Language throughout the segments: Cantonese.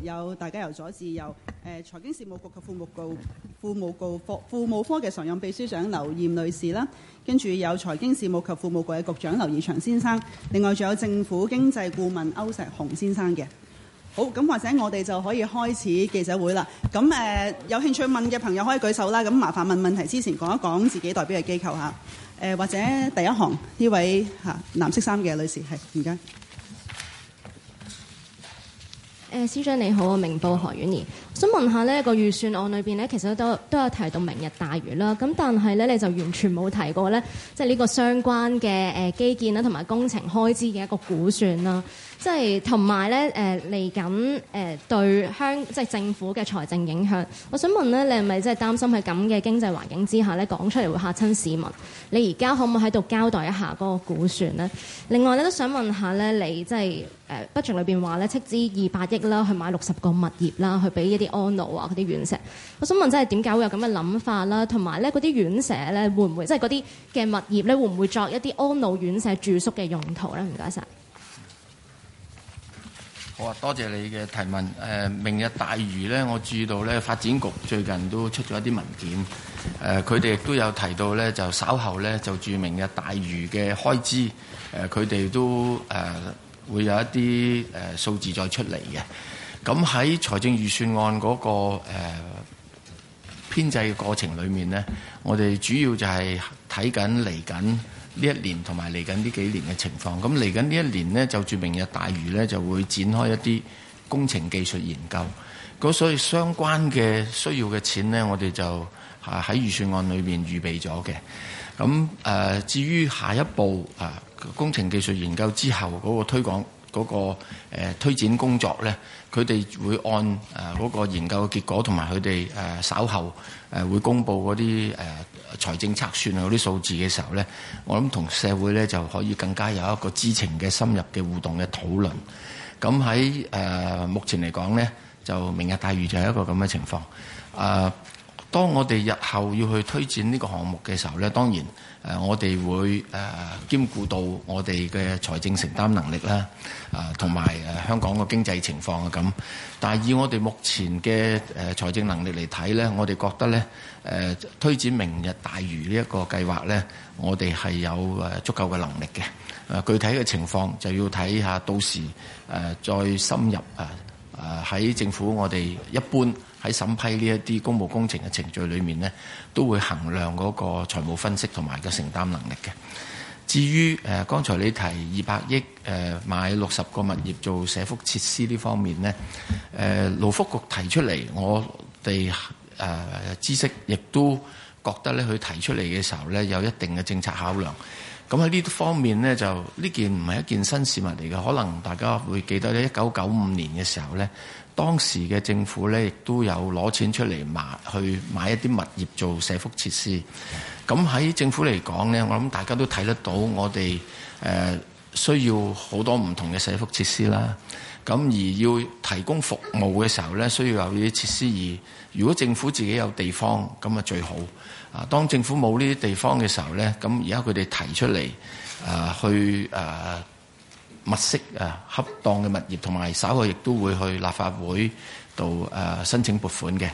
有大家由左至右，誒財經事務局及庫務局庫務局庫務科嘅常任秘書長劉燕女士啦，跟住有財經事務及庫務局嘅局長劉怡翔先生，另外仲有政府經濟顧問歐石雄先生嘅。好，咁或者我哋就可以開始記者會啦。咁誒，有興趣問嘅朋友可以舉手啦。咁麻煩問問題之前講一講自己代表嘅機構嚇。誒，或者第一行呢位嚇藍色衫嘅女士係唔該。誒，司長你好，我明報何婉儀，想問下呢個預算案裏邊呢，其實都都有提到明日大嶼啦，咁但係呢，你就完全冇提過呢，即係呢個相關嘅誒基建啦，同埋工程開支嘅一個估算啦。即係同埋咧，誒嚟緊誒對香即係政府嘅財政影響，我想問咧，你係咪真係擔心喺咁嘅經濟環境之下咧講出嚟會嚇親市民？你而家可唔可以喺度交代一下嗰個估算咧？另外咧都想問下咧，你即係誒 budget 裏面話咧斥資二百億啦，去買六十個物業啦，去俾一啲安老啊嗰啲院舍。我想問真係點解會有咁嘅諗法啦？同埋咧嗰啲院舍咧會唔會即係嗰啲嘅物業咧會唔會作一啲安老院舍住宿嘅用途咧？唔該晒。我話多謝你嘅提問。誒，明日大嶼咧，我注意到咧，發展局最近都出咗一啲文件。誒，佢哋亦都有提到咧，就稍後咧就住明日大嶼嘅開支。誒，佢哋都誒會有一啲數字再出嚟嘅。咁喺財政預算案嗰、那個誒、呃、編制嘅過程裏面咧，我哋主要就係睇緊嚟緊呢一年同埋嚟緊呢幾年嘅情況，咁嚟緊呢一年呢，就住明日大嶼呢，就會展開一啲工程技術研究，咁所以相關嘅需要嘅錢呢，我哋就啊喺預算案裏面預備咗嘅。咁誒至於下一步啊工程技術研究之後嗰個推廣嗰、嗰個推展工作呢，佢哋會按誒嗰個研究嘅結果同埋佢哋誒稍後誒會公布嗰啲誒。財政測算啊，嗰啲數字嘅時候咧，我諗同社會咧就可以更加有一個知情嘅深入嘅互動嘅討論。咁喺誒目前嚟講咧，就明日大嶼就係一個咁嘅情況啊。呃當我哋日後要去推展呢個項目嘅時候咧，當然我哋會兼顧到我哋嘅財政承擔能力啦，同埋香港嘅經濟情況啊咁。但係以我哋目前嘅財政能力嚟睇咧，我哋覺得咧推展明日大嶼呢一個計劃咧，我哋係有足夠嘅能力嘅。具體嘅情況就要睇下到時再深入啊。喺政府我哋一般。喺審批呢一啲公務工程嘅程序裏面呢，都會衡量嗰個財務分析同埋個承擔能力嘅。至於誒，剛、呃、才你提二百億誒買六十個物業做社福設施呢方面呢，誒勞福局提出嚟，我哋誒、呃、知識亦都覺得咧，佢提出嚟嘅時候呢，有一定嘅政策考量。咁喺呢方面呢，就呢件唔係一件新事物嚟嘅，可能大家會記得咧，一九九五年嘅時候呢。當時嘅政府咧，亦都有攞錢出嚟買去買一啲物業做社福設施。咁喺政府嚟講咧，我諗大家都睇得到我，我哋誒需要好多唔同嘅社福設施啦。咁、嗯、而要提供服務嘅時候咧，需要有呢啲設施。而如果政府自己有地方，咁啊最好。啊，當政府冇呢啲地方嘅時候咧，咁而家佢哋提出嚟啊、呃，去誒。呃物色啊，恰當嘅物業，同埋稍後亦都會去立法會度誒申請撥款嘅。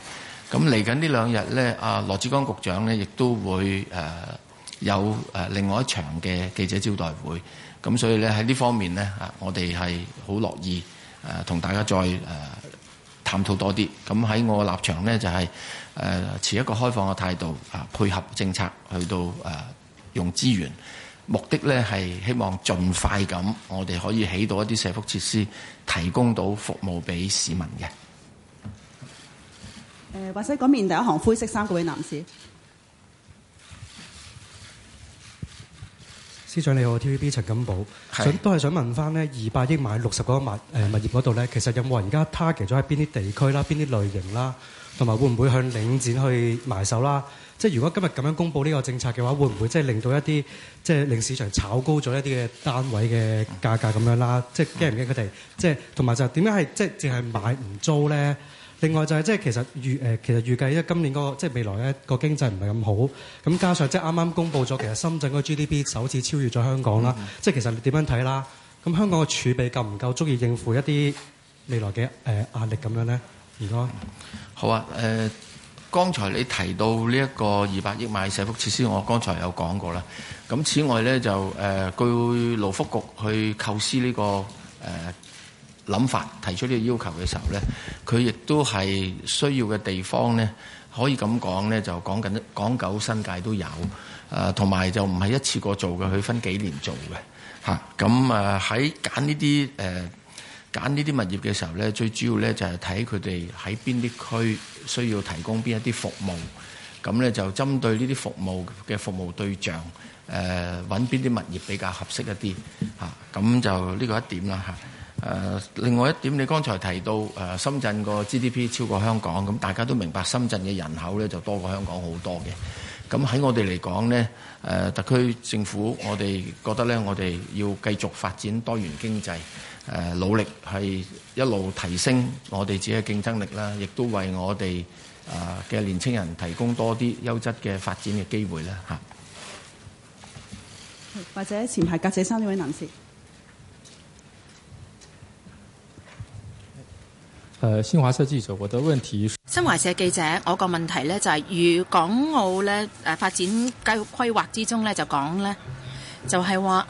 咁嚟緊呢兩日咧，阿羅志剛局長咧亦都會誒有誒另外一場嘅記者招待會。咁所以咧喺呢方面咧，啊，我哋係好樂意誒同大家再誒探討多啲。咁喺我立場咧，就係誒持一個開放嘅態度，啊，配合政策去到誒用資源。目的咧係希望盡快咁，我哋可以起到一啲社福設施，提供到服務俾市民嘅。誒、呃，或者嗰面第一行灰色衫嗰位男士。司長你好，TVB 陳金寶，是想都係想問翻咧，二百億買六十個物誒物業嗰度咧，其實有冇人而家 target 咗喺邊啲地區啦、邊啲類型啦，同埋會唔會向領展去埋手啦？即係如果今日咁樣公布呢個政策嘅話，會唔會即係令到一啲即係令市場炒高咗一啲嘅單位嘅價格咁樣啦？即係驚唔驚佢哋？即係同埋就點解係即係淨係買唔租咧？另外就係即係其實預誒、呃、其實預計因為今年嗰個即係未來一個經濟唔係咁好，咁加上即係啱啱公布咗，其實深圳嗰個 GDP 首次超越咗香港啦、嗯。即係其實你點樣睇啦？咁香港嘅儲備夠唔夠足以應付一啲未來嘅誒壓力咁樣咧？唔該。好啊，誒、呃，剛才你提到呢一個二百億買社福設施，我剛才有講過啦。咁此外咧就誒、呃，據勞福局去構思呢、這個誒。呃諗法提出呢個要求嘅時候咧，佢亦都係需要嘅地方咧，可以咁講咧，就講緊港九新界都有同埋、呃、就唔係一次過做嘅，佢分幾年做嘅嚇。咁誒喺揀呢啲誒揀呢啲物業嘅時候咧，最主要咧就係睇佢哋喺邊啲區需要提供邊一啲服務，咁、啊、咧就針對呢啲服務嘅服務對象誒，揾邊啲物業比較合適一啲嚇。咁、啊、就呢、這個一點啦、啊呃、另外一點，你剛才提到、呃、深圳個 GDP 超過香港，咁大家都明白深圳嘅人口咧就多過香港好多嘅。咁喺我哋嚟講呢、呃、特區政府我們，我哋覺得咧，我哋要繼續發展多元經濟、呃，努力係一路提升我哋自己嘅競爭力啦，亦都為我哋誒嘅年青人提供多啲優質嘅發展嘅機會啦、啊，或者前排隔者三呢位男士。呃，新華社記者，我的問題是，新華社記者，我個問題咧就係，如港澳咧誒發展計規劃之中咧就講咧，就係話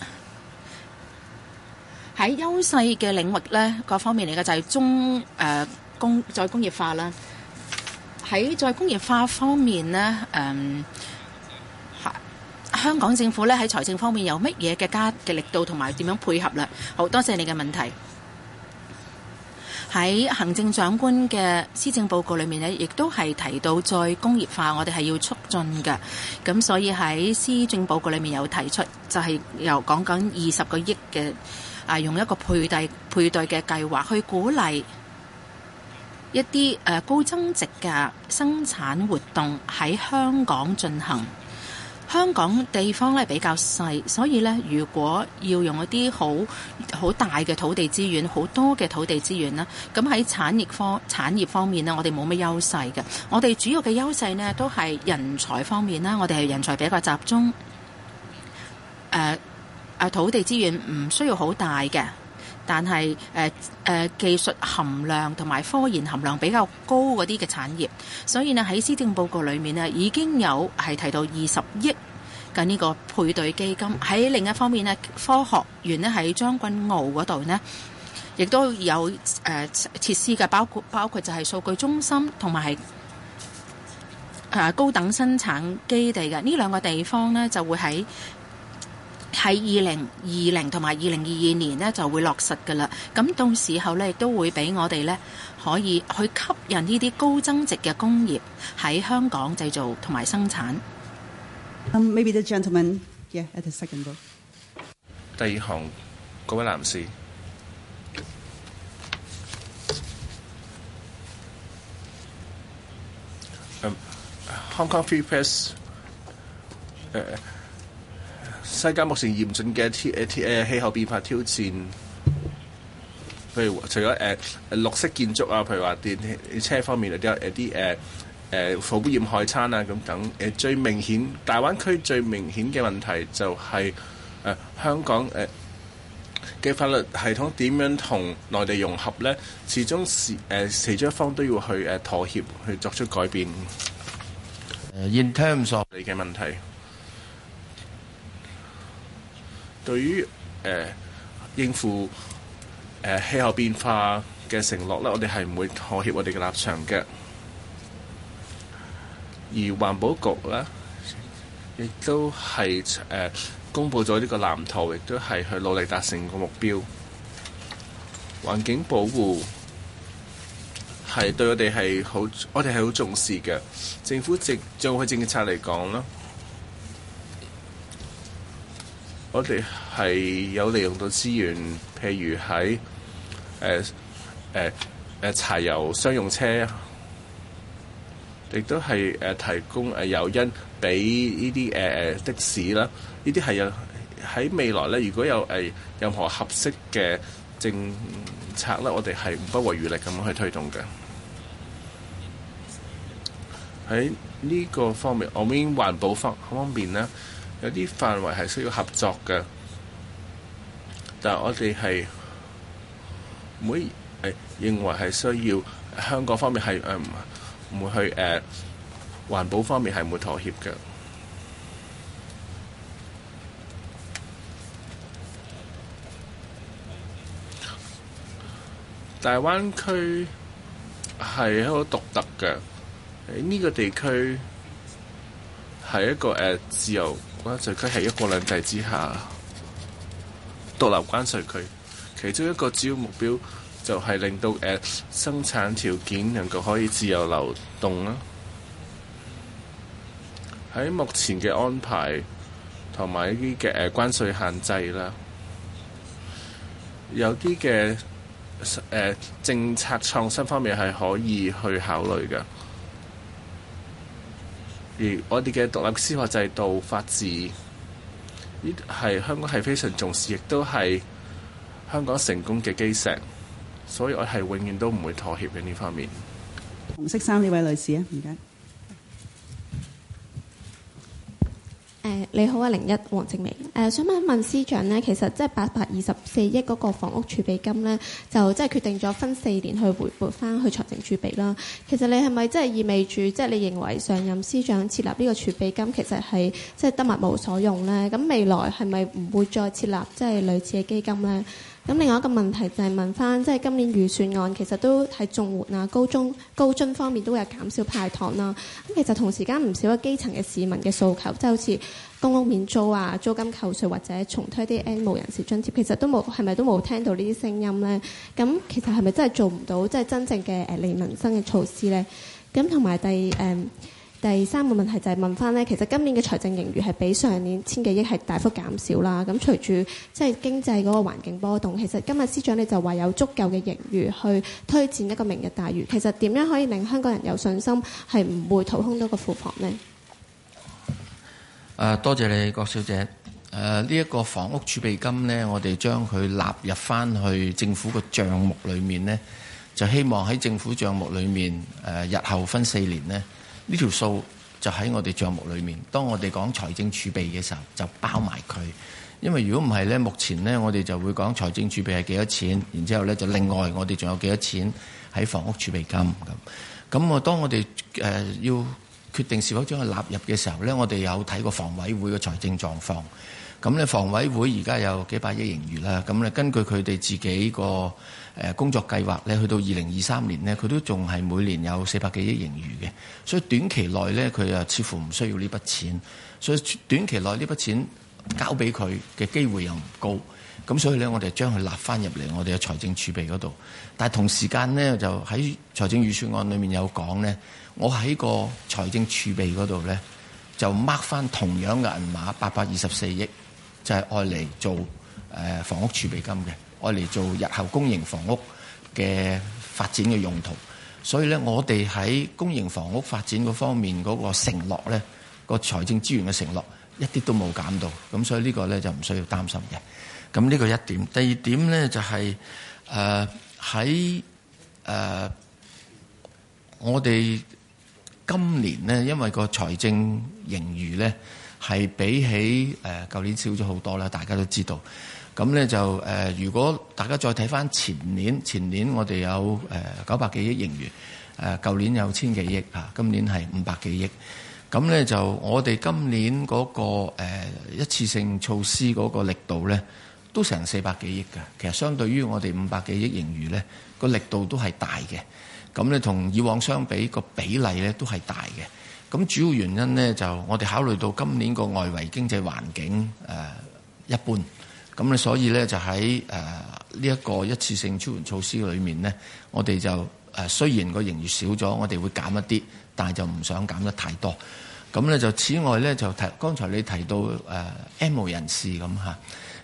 喺優勢嘅領域咧，各方面嚟嘅就係中誒工再工業化啦，喺再工業化方面咧，誒，香港政府咧喺財政方面有乜嘢嘅加嘅力度同埋點樣配合啦？好多謝你嘅問題。喺行政長官嘅施政報告裏面呢，亦都係提到，再工業化我哋係要促進嘅，咁所以喺施政報告裏面有提出，就係、是、由講緊二十個億嘅啊，用一個配對配對嘅計劃去鼓勵一啲高增值嘅生產活動喺香港進行。香港地方咧比較細，所以咧如果要用一啲好好大嘅土地資源，好多嘅土地資源啦，咁喺產業方產業方面呢，我哋冇咩優勢嘅。我哋主要嘅優勢呢，都係人才方面啦，我哋係人才比較集中，誒、啊、誒土地資源唔需要好大嘅。但係誒誒技術含量同埋科研含量比較高嗰啲嘅產業，所以咧喺施政報告裏面咧已經有係提到二十億嘅呢個配對基金。喺另一方面咧，科學園咧喺將軍澳嗰度呢亦都有誒、呃、設施嘅，包括包括就係數據中心同埋係誒高等生產基地嘅。呢兩個地方呢，就會喺。喺二零二零同埋二零二二年呢，就會落實嘅啦，咁到時候呢，都會俾我哋呢，可以去吸引呢啲高增值嘅工業喺香港製造同埋生產。Um, maybe the gentleman, yeah, at the second row. 第二行，各位男士。Um, Hong Kong Free Press, uh, 世界目前嚴峻嘅天誒氣候變化挑戰，譬如除咗誒、呃、綠色建築啊，譬如話電車方面啊啲啊啲誒誒污染海灘啊咁等誒、呃、最明顯大灣區最明顯嘅問題就係、是、誒、呃、香港誒嘅、呃、法律系統點樣同內地融合咧？始終是誒、呃、其中一方都要去誒、呃、妥協去作出改變。誒，in terms of 你嘅問題。對於誒、呃、應付誒氣、呃、候變化嘅承諾咧，我哋係唔會妥協我哋嘅立場嘅。而環保局咧，亦都係誒、呃、公布咗呢個藍圖，亦都係去努力達成個目標。環境保護係對我哋係好，我哋係好重視嘅。政府政政府政策嚟講啦。我哋係有利用到資源，譬如喺誒、呃呃、柴油商用車，亦都係提供有油因俾呢啲誒的士啦。呢啲係有喺未來咧，如果有、呃、任何合適嘅政策咧，我哋係不遺餘力咁樣去推動嘅。喺呢個方面，我哋 I mean, 環保方方面咧。有啲範圍係需要合作嘅，但係我哋係唔會係認為係需要香港方面係唔唔會去誒環保方面係唔會妥協嘅。大灣區係好獨特嘅，呢個地區係一個誒自由。關稅區係一國兩制之下獨立關稅區，其中一個主要目標就係令到、呃、生產條件能夠可以自由流動啦。喺目前嘅安排同埋啲嘅誒關稅限制啦，有啲嘅、呃、政策創新方面係可以去考慮㗎。而我哋嘅獨立司法制度、法治，呢係香港係非常重視，亦都係香港成功嘅基石，所以我係永遠都唔會妥協嘅呢方面。紅色衫呢位女士啊，唔該。誒你好啊，零一黃靜明。誒，想問一問司長呢，其實即係八百二十四億嗰個房屋儲備金呢，就即係決定咗分四年去回撥翻去財政儲備啦。其實你係咪即係意味住即係你認為上任司長設立呢個儲備金其實係即係得物無所用呢？咁未來係咪唔會再設立即係類似嘅基金呢？咁另外一個問題就係問翻，即係今年預算案其實都喺綜援啊、高中高津方面都會有減少派糖啦。咁其實同時間唔少嘅基層嘅市民嘅訴求，即係好似公屋免租啊、租金扣稅或者重推啲僱人士津貼，其實都冇係咪都冇聽到呢啲聲音呢？咁其實係咪真係做唔到即係真正嘅誒利民生嘅措施呢？咁同埋第誒。嗯第三個問題就係問翻呢。其實今年嘅財政盈餘係比上年千幾億係大幅減少啦。咁隨住即係經濟嗰個環境波動，其實今日司長你就話有足夠嘅盈餘去推展一個明日大嶼。其實點樣可以令香港人有信心係唔會掏空多個庫房呢？誒，多謝你，郭小姐。誒、呃，呢、這、一個房屋儲備金呢，我哋將佢納入翻去政府個帳目裡面呢，就希望喺政府帳目裡面誒、呃，日後分四年呢。呢條數就喺我哋帳目裏面。當我哋講財政儲備嘅時候，就包埋佢。因為如果唔係咧，目前咧我哋就會講財政儲備係幾多錢，然之後咧就另外我哋仲有幾多錢喺房屋儲備金咁。咁我當我哋、呃、要決定是否將佢納入嘅時候咧，我哋有睇過房委會嘅財政狀況。咁咧房委會而家有幾百億盈餘啦。咁咧根據佢哋自己個誒工作計劃咧，去到二零二三年咧，佢都仲係每年有四百幾億盈餘嘅，所以短期內咧，佢又似乎唔需要呢筆錢，所以短期內呢筆錢交俾佢嘅機會又唔高，咁所以咧，我哋將佢納翻入嚟我哋嘅財政儲備嗰度。但係同時間咧，就喺財政預算案裏面有講咧，我喺個財政儲備嗰度咧，就掹翻同樣嘅銀碼八百二十四億，就係愛嚟做、呃、房屋儲備金嘅。我嚟做日後公營房屋嘅發展嘅用途，所以咧，我哋喺公營房屋發展嗰方面嗰個承諾咧，個財政資源嘅承諾一啲都冇減到，咁所以呢個咧就唔需要擔心嘅。咁、這、呢個一點，第二點咧就係誒喺誒我哋今年咧，因為個財政盈餘咧係比起誒呃、舊年少咗好多啦，大家都知道。咁咧就誒、呃，如果大家再睇翻前年，前年我哋有誒九百幾億盈餘誒舊年有千幾億啊，今年係五百幾億。咁咧就我哋今年嗰、那個、呃、一次性措施嗰個力度咧，都成四百幾億嘅。其實相對於我哋五百幾億盈餘咧，個力度都係大嘅。咁咧同以往相比、那個比例咧都係大嘅。咁主要原因咧就我哋考慮到今年個外圍經濟環境誒、呃、一般。咁咧，所以咧就喺誒呢一個一次性支援措施裏面咧，我哋就誒、呃、雖然個營業少咗，我哋會減一啲，但係就唔想減得太多。咁咧就此外咧就提，剛才你提到誒、呃、M 人士咁吓，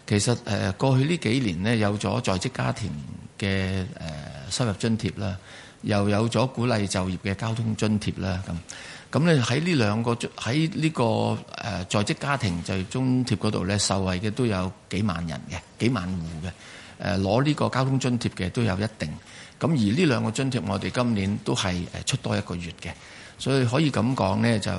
其實誒、呃、過去呢幾年咧有咗在職家庭嘅誒、呃、收入津貼啦，又有咗鼓勵就業嘅交通津貼啦咁。咁咧喺呢兩個，喺呢個誒在職家庭就津貼嗰度咧，受惠嘅都有幾萬人嘅、幾萬戶嘅，誒攞呢個交通津貼嘅都有一定。咁而呢兩個津貼我哋今年都係誒出多一個月嘅，所以可以咁講咧，就誒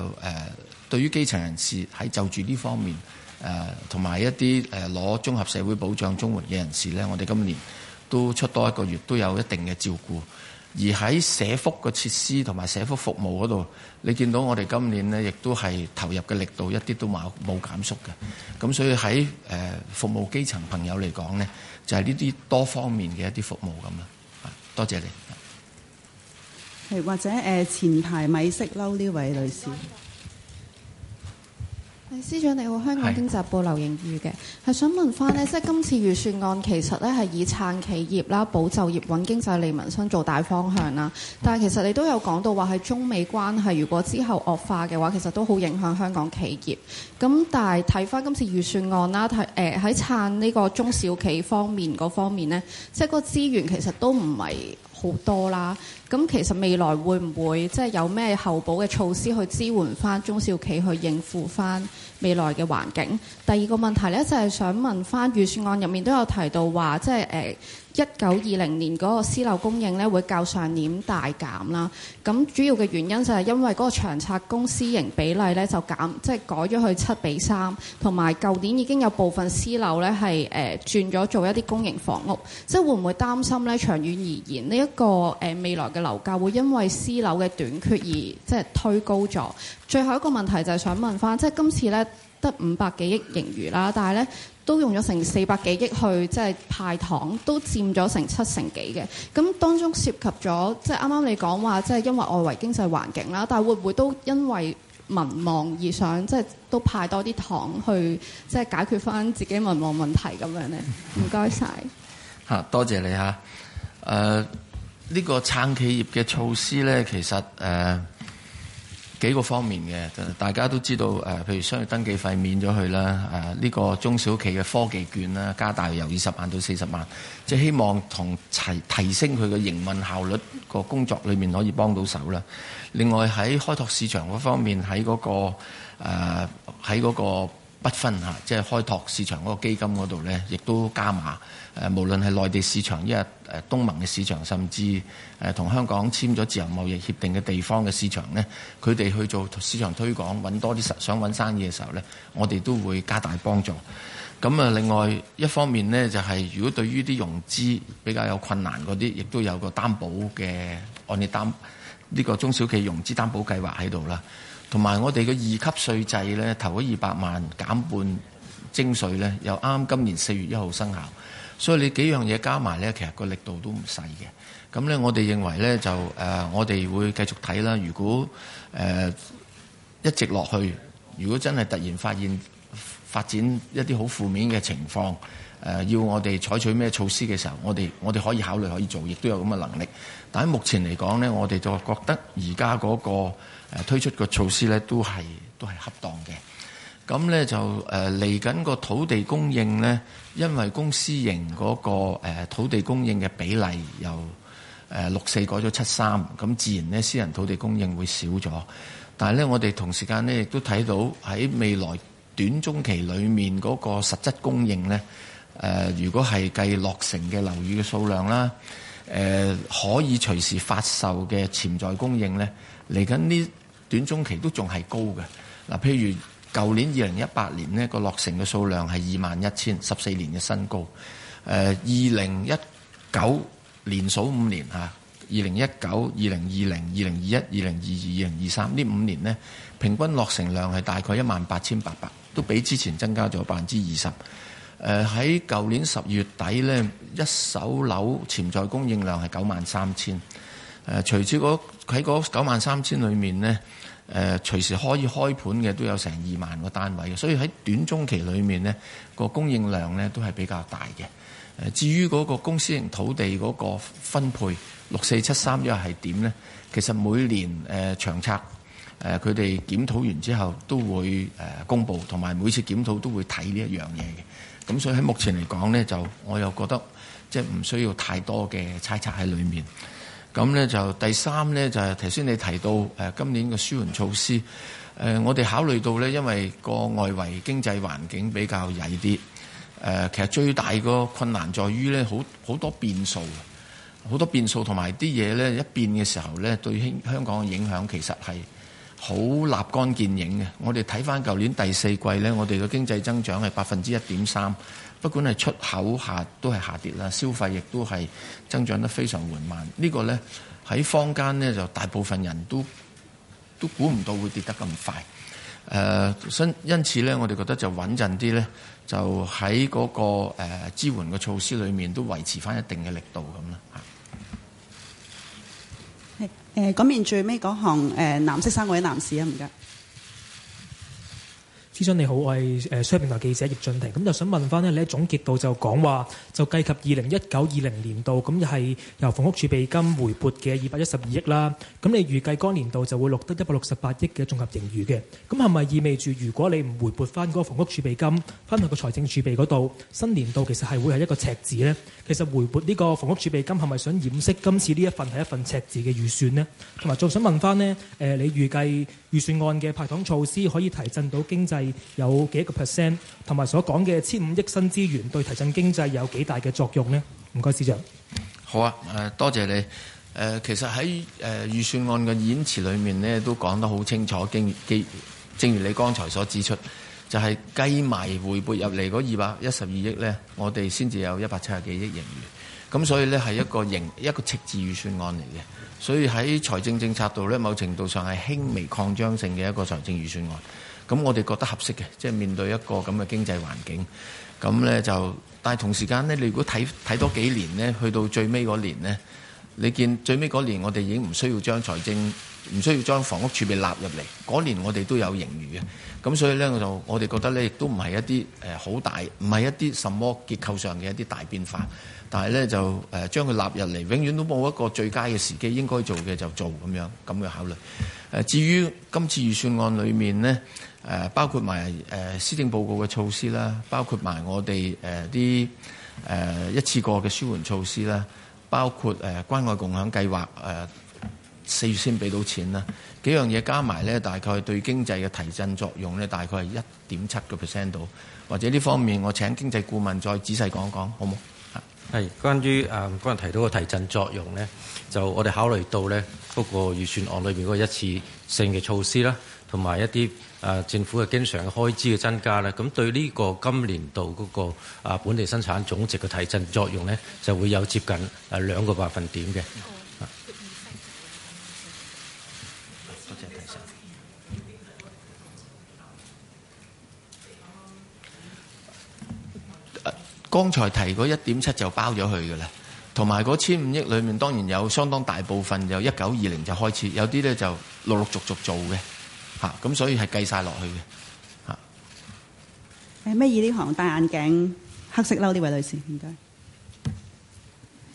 對於基層人士喺就住呢方面誒同埋一啲誒攞綜合社會保障綜援嘅人士咧，我哋今年都出多一個月，都有一定嘅照顧。而喺社福嘅設施同埋社福服務嗰度，你見到我哋今年咧，亦都係投入嘅力度一啲都冇冇減縮嘅。咁所以喺誒服務基層朋友嚟講咧，就係呢啲多方面嘅一啲服務咁啦。多謝你。係或者誒、呃、前排米色嬲呢位女士。司長你好，香港經濟報劉瑩宇嘅。係想問翻咧，即係今次預算案其實咧係以撐企業啦、保就業、穩經濟利民生做大方向啦。但係其實你都有講到話係中美關係如果之後惡化嘅話，其實都好影響香港企業。咁但係睇翻今次預算案啦，睇誒喺撐呢個中小企方面嗰方面咧，即係嗰資源其實都唔係好多啦。咁其實未來會唔會即係有咩後補嘅措施去支援翻中小企去應付翻未來嘅環境？第二個問題呢，就係想問翻預算案入面都有提到話，即係誒一九二零年嗰個私樓供應呢會較上年大減啦。咁主要嘅原因就係因為嗰個長策公私營比例呢就減，即係改咗去七比三，同埋舊年已經有部分私樓呢係轉咗做一啲公營房屋，即係會唔會擔心呢？長遠而言呢一個誒未來嘅？樓價會因為私樓嘅短缺而即係推高咗。最後一個問題就係想問翻，即係今次呢得五百幾億盈餘啦，但係呢都用咗成四百幾億去即係派糖，都佔咗成七成幾嘅。咁當中涉及咗，即係啱啱你講話，即係因為外圍經濟環境啦，但係會唔會都因為民望而想即係都派多啲糖去，即係解決翻自己民望問題咁樣呢？唔該晒，嚇，多謝你嚇。誒、呃。呢、這個撐企業嘅措施咧，其實誒、呃、幾個方面嘅，大家都知道誒、呃，譬如商業登記費免咗佢啦，誒、呃、呢、這個中小企嘅科技券啦，加大於由二十萬到四十萬，即係希望同提提升佢嘅營運效率個工作裏面可以幫到手啦。另外喺開拓市場嗰方面，喺嗰個喺嗰個。呃在那個不分嚇，即係開拓市場嗰個基金嗰度咧，亦都加碼。誒，無論係內地市場，因為誒東盟嘅市場，甚至誒同香港簽咗自由貿易協定嘅地方嘅市場咧，佢哋去做市場推廣，揾多啲想揾生意嘅時候咧，我哋都會加大幫助。咁啊，另外一方面咧、就係，就係如果對於啲融資比較有困難嗰啲，亦都有個擔保嘅按揭擔，呢、呢個中小企融資擔保計劃喺度啦。同埋我哋嘅二級稅制呢，頭二百萬減半徵稅呢，又啱今年四月一號生效，所以你幾樣嘢加埋呢，其實個力度都唔細嘅。咁呢，我哋認為呢，就誒、呃，我哋會繼續睇啦。如果誒、呃、一直落去，如果真係突然發現發展一啲好負面嘅情況。誒、呃、要我哋採取咩措施嘅時候，我哋我哋可以考慮可以做，亦都有咁嘅能力。但係目前嚟講呢，我哋就覺得而家嗰個、呃、推出個措施呢，都係都係恰當嘅。咁呢，就誒嚟緊個土地供應呢，因為公私營嗰、那個、呃、土地供應嘅比例由誒、呃、六四改咗七三，咁自然呢，私人土地供應會少咗。但係呢，我哋同時間呢，亦都睇到喺未來短中期裏面嗰個實質供應呢。誒、呃，如果係計落成嘅樓宇嘅數量啦，誒、呃、可以隨時發售嘅潛在供應呢，嚟緊呢短中期都仲係高嘅。嗱、呃，譬如舊年二零一八年呢個落成嘅數量係二萬一千十四年嘅新高。誒、呃，二零一九年數五年啊，二零一九、二零二零、二零二一、二零二二、二零二三呢五年呢，平均落成量係大概一萬八千八百，都比之前增加咗百分之二十。誒，喺舊年十月底呢，一手樓潛在供應量係九萬三千。誒，隨住喺嗰九萬三千裏面呢，誒，隨時可以開盤嘅都有成二萬個單位嘅，所以喺短中期裏面呢，個供應量呢都係比較大嘅。誒，至於嗰個公私營土地嗰個分配六四七三，又係點呢？其實每年誒長策誒，佢哋檢討完之後都會、呃、公佈，同埋每次檢討都會睇呢一樣嘢嘅。咁所以喺目前嚟講咧，就我又覺得即係唔需要太多嘅猜測喺裏面。咁咧就第三咧就係頭先你提到誒今年嘅舒緩措施誒，我哋考慮到咧，因為個外圍經濟環境比較曳啲誒，其實最大個困難在於咧，好好多變數，好多變數同埋啲嘢咧一變嘅時候咧，對香港嘅影響其實係。好立竿見影嘅，我哋睇翻舊年第四季咧，我哋嘅經濟增長係百分之一點三，不管係出口下都係下跌啦，消費亦都係增長得非常緩慢。呢個、呢個咧喺坊間咧，就大部分人都都估唔到會跌得咁快。誒、呃，因因此咧，我哋覺得就穩陣啲咧，就喺嗰、嗰個、呃、支援嘅措施裏面都維持翻一定嘅力度咁啦。誒，嗰面最尾嗰行誒、呃、藍色衫嗰位男士啊，唔該。司長你好，我係誒商評台記者葉俊霆，咁就想問翻呢，你喺總結到就講話，就計及二零一九二零年度，咁係由房屋儲備金回撥嘅二百一十二億啦，咁你預計該年度就會錄得一百六十八億嘅綜合盈餘嘅，咁係咪意味住如果你唔回撥翻嗰個房屋儲備金，翻去個財政儲備嗰度，新年度其實係會係一個赤字呢？其實回撥呢個房屋儲備金係咪想掩飾今次呢一份係一份赤字嘅預算呢？同埋仲想問翻呢，誒你預計預算案嘅排檔措施可以提振到經濟有幾多個 percent？同埋所講嘅千五億新資源對提振經濟有幾大嘅作用呢？唔該，司長。好啊，誒多謝你。誒其實喺誒預算案嘅演辭裡面呢，都講得好清楚。經基正如你剛才所指出。就係計埋回撥入嚟嗰二百一十二億呢，我哋先至有一百七十幾億盈餘，咁所以呢，係一個盈一個赤字預算案嚟嘅，所以喺財政政策度呢，某程度上係輕微擴張性嘅一個財政預算案，咁我哋覺得合適嘅，即係面對一個咁嘅經濟環境，咁呢，就，但係同時間呢，你如果睇睇多幾年呢，去到最尾嗰年呢，你見最尾嗰年我哋已經唔需要將財政。唔需要將房屋儲備納入嚟，嗰年我哋都有盈餘嘅，咁所以呢，我就我哋覺得呢亦都唔係一啲好大，唔係一啲什麼結構上嘅一啲大變化，但係呢，就誒將佢納入嚟，永遠都冇一個最佳嘅時機，應該做嘅就做咁樣咁嘅考慮。至於今次預算案裏面呢，包括埋施政報告嘅措施啦，包括埋我哋啲一,一次過嘅舒緩措施啦，包括誒關愛共享計劃。四月先俾到錢啦，幾樣嘢加埋咧，大概對經濟嘅提振作用咧，大概係一點七個 percent 度。或者呢方面，我請經濟顧問再仔細講講，好冇？係關於誒剛、嗯、提到嘅提振作用咧，就我哋考慮到咧嗰個預算案裏邊嗰一次性嘅措施啦，同埋一啲誒、啊、政府嘅經常嘅開支嘅增加咧，咁對呢個今年度嗰、那個啊本地生產總值嘅提振作用咧，就會有接近誒兩個百分點嘅。剛才提嗰一點七就包咗佢㗎啦，同埋嗰千五億裡面當然有相當大部分就一九二零就開始，有啲咧就陸陸續續做嘅，嚇、啊、咁所以係計晒落去嘅，嚇、啊。係咩？耳呢行戴眼鏡黑色褸呢位女士，唔該。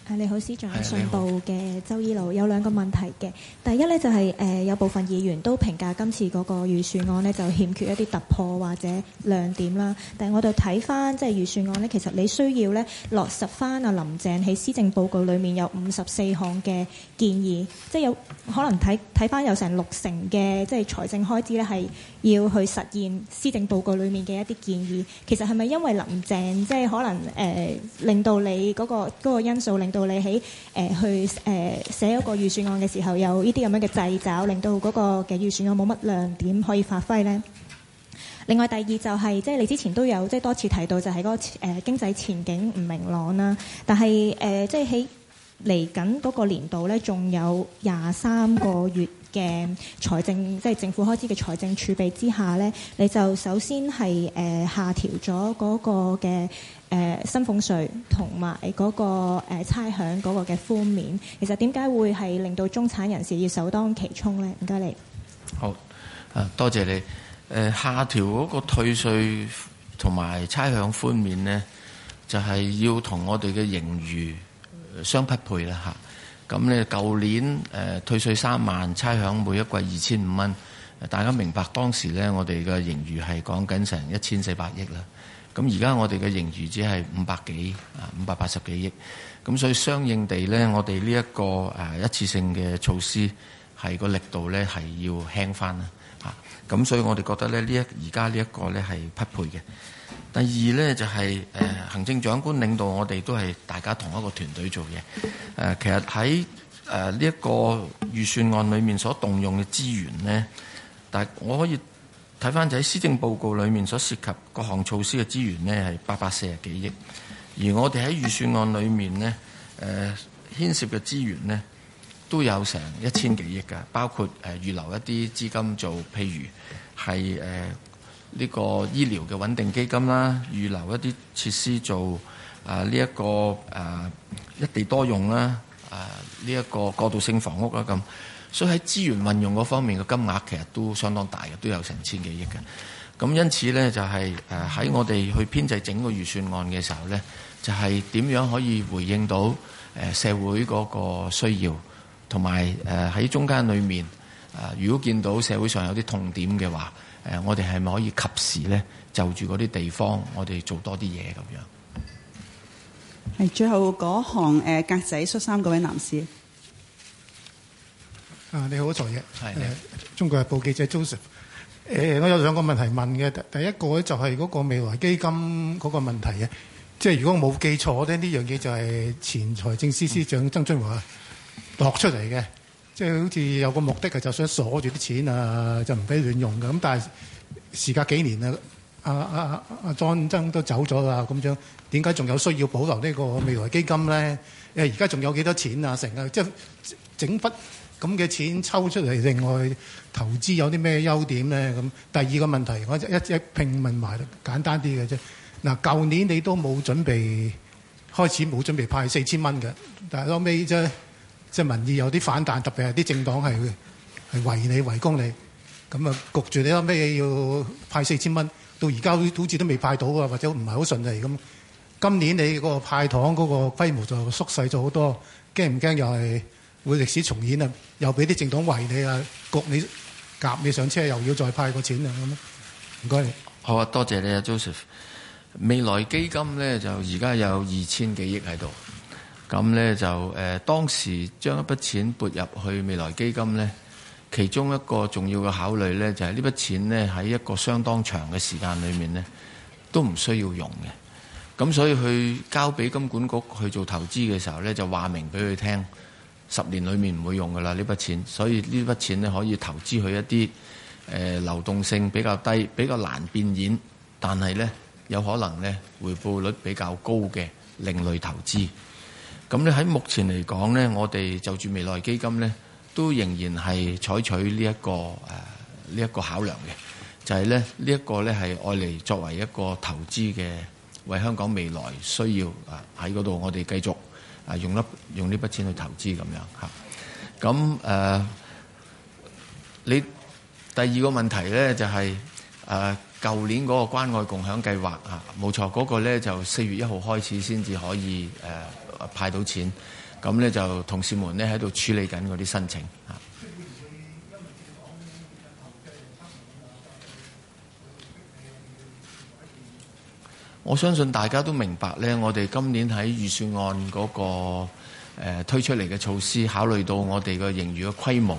啊、你好，司長，信報嘅周一露有兩個問題嘅。第一呢，就係、是呃、有部分議員都評價今次嗰個預算案呢就欠缺一啲突破或者亮點啦。但係我哋睇翻即係預算案呢其實你需要呢，落實翻阿林鄭喺施政報告裏面有五十四項嘅建議，即、就、係、是、有可能睇睇翻有成六成嘅即係財政開支呢係要去實現施政報告裏面嘅一啲建議。其實係咪因為林鄭即係、就是、可能、呃、令到你嗰、那個那個因素令？到你喺誒去誒寫一個預算案嘅時候，有呢啲咁樣嘅掣肘，令到嗰個嘅預算案冇乜亮點可以發揮咧。另外第二就係即係你之前都有即係多次提到，就係嗰個誒經濟前景唔明朗啦。但係誒即係喺嚟緊嗰個年度咧，仲有廿三個月嘅財政即係政府開支嘅財政儲備之下咧，你就首先係誒下調咗嗰個嘅誒薪俸稅同埋嗰個誒差餉嗰個嘅寬免。其實點解會係令到中產人士要首當其衝咧？唔該你。好啊，多謝你。誒下調嗰個退稅同埋差餉寬免咧，就係要同我哋嘅盈餘相匹配啦吓。咁咧，舊年誒、呃、退稅三萬，差餉每一季二千五蚊。大家明白當時咧，我哋嘅盈餘係講緊成一千四百億啦。咁而家我哋嘅盈餘只係五百幾啊，五百八十幾億。咁所以相應地咧，我哋呢一個、啊、一次性嘅措施係個、啊、力度咧係要輕翻啦嚇。咁所以我哋覺得咧，個呢一而家呢一個咧係匹配嘅。第二呢，就係誒行政長官領導我哋都係大家同一個團隊做嘢。誒其實喺誒呢一個預算案裡面所動用嘅資源呢，但係我可以睇翻就喺施政報告裡面所涉及各項措施嘅資源呢，係八百四十幾億，而我哋喺預算案裡面呢，誒牽涉嘅資源呢，都有成一千幾億㗎，包括誒預留一啲資金做譬如係誒。呢個醫療嘅穩定基金啦，預留一啲設施做啊呢一個誒、呃、一地多用啦，誒呢一個過渡性房屋啦咁，所以喺資源運用嗰方面嘅金額其實都相當大嘅，都有成千幾億嘅。咁因此呢，就係誒喺我哋去編制整個預算案嘅時候呢，就係點樣可以回應到誒社會嗰個需要，同埋誒喺中間裡面誒如果見到社會上有啲痛點嘅話。誒，我哋係咪可以及時咧就住嗰啲地方，我哋做多啲嘢咁樣？係最後嗰行誒格仔恤衫嗰位男士。啊，你好，財爺，係、啊、中國日報記者 Joseph。啊、我有兩個問題問嘅。第一個咧就係嗰個未來基金嗰個問題啊，即係如果我冇記錯咧，呢樣嘢就係前財政司司長曾俊華落出嚟嘅。即係好似有個目的，係就想鎖住啲錢啊，就唔俾亂用嘅。咁但係時隔幾年啊？阿阿阿莊曾都走咗啦，咁樣點解仲有需要保留呢個未來基金咧？誒而家仲有幾多錢啊？成日即係整筆咁嘅錢抽出嚟，另外投資有啲咩優點咧？咁第二個問題，我一一一拼問埋，簡單啲嘅啫。嗱，舊年你都冇準備開始，冇準備派四千蚊嘅，但係後尾即即係民意有啲反彈，特別係啲政黨係，係圍你圍攻你，咁啊焗住你有咩嘢要派四千蚊，到而家好似都未派到啊，或者唔係好順利咁。今年你個派糖嗰個規模就縮細咗好多，驚唔驚又係會歷史重演啊？又俾啲政黨圍你啊，焗你夾你上車，又要再派個錢啊咁啊？唔該你。好啊，多謝你啊，Joseph。未來基金咧就而家有二千幾億喺度。咁咧就誒、呃，當時將一筆錢撥入去未來基金咧，其中一個重要嘅考慮咧，就係、是、呢筆錢咧喺一個相當長嘅時間裏面咧，都唔需要用嘅。咁所以去交俾金管局去做投資嘅時候咧，就話明俾佢聽十年裏面唔會用㗎喇呢筆錢，所以呢筆錢咧可以投資去一啲誒、呃、流動性比較低、比較難變現，但係咧有可能咧回報率比較高嘅另類投資。咁咧喺目前嚟講咧，我哋就住未來基金咧，都仍然係採取呢一個誒呢一個考量嘅，就係咧呢一個咧係愛嚟作為一個投資嘅，為香港未來需要啊喺嗰度，我哋繼續用啊用粒用呢筆錢去投資咁樣嚇。咁誒，你第二個問題咧就係誒舊年嗰個關愛共享計劃啊，冇錯嗰個咧就四月一號開始先至可以誒派到錢咁咧，那就同事們呢喺度處理緊嗰啲申請，嗯。我相信大家都明白咧，我哋今年喺預算案嗰、那個、呃、推出嚟嘅措施，考慮到我哋嘅盈餘嘅規模誒、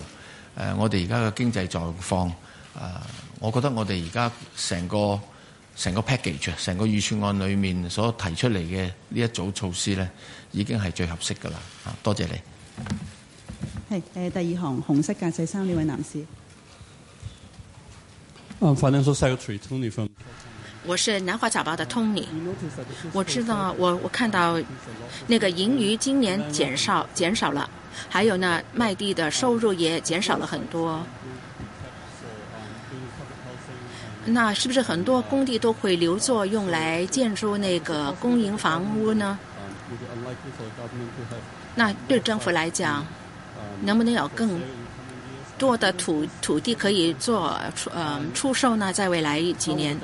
呃，我哋而家嘅經濟狀況啊，我覺得我哋而家成個成個 package，成個預算案裏面所提出嚟嘅呢一組措施咧。已經係最合適嘅啦！啊，多謝你。係誒，第二行紅色格仔衫呢位男士。嗯，法政社 secretary t o 我是南華早報的通你我知道我，我我看到，那個銀魚今年減少，減少了，還有呢，麥地的收入也減少了很多。那是不是很多工地都會留作用來建築那個公營房屋呢？那對政府來講，能不能有更多的土土地可以做呃出售呢？在未來幾年，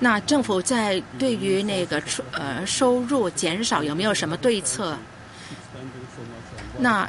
那政府在對於那個呃收入減少有沒有什麼對策？那。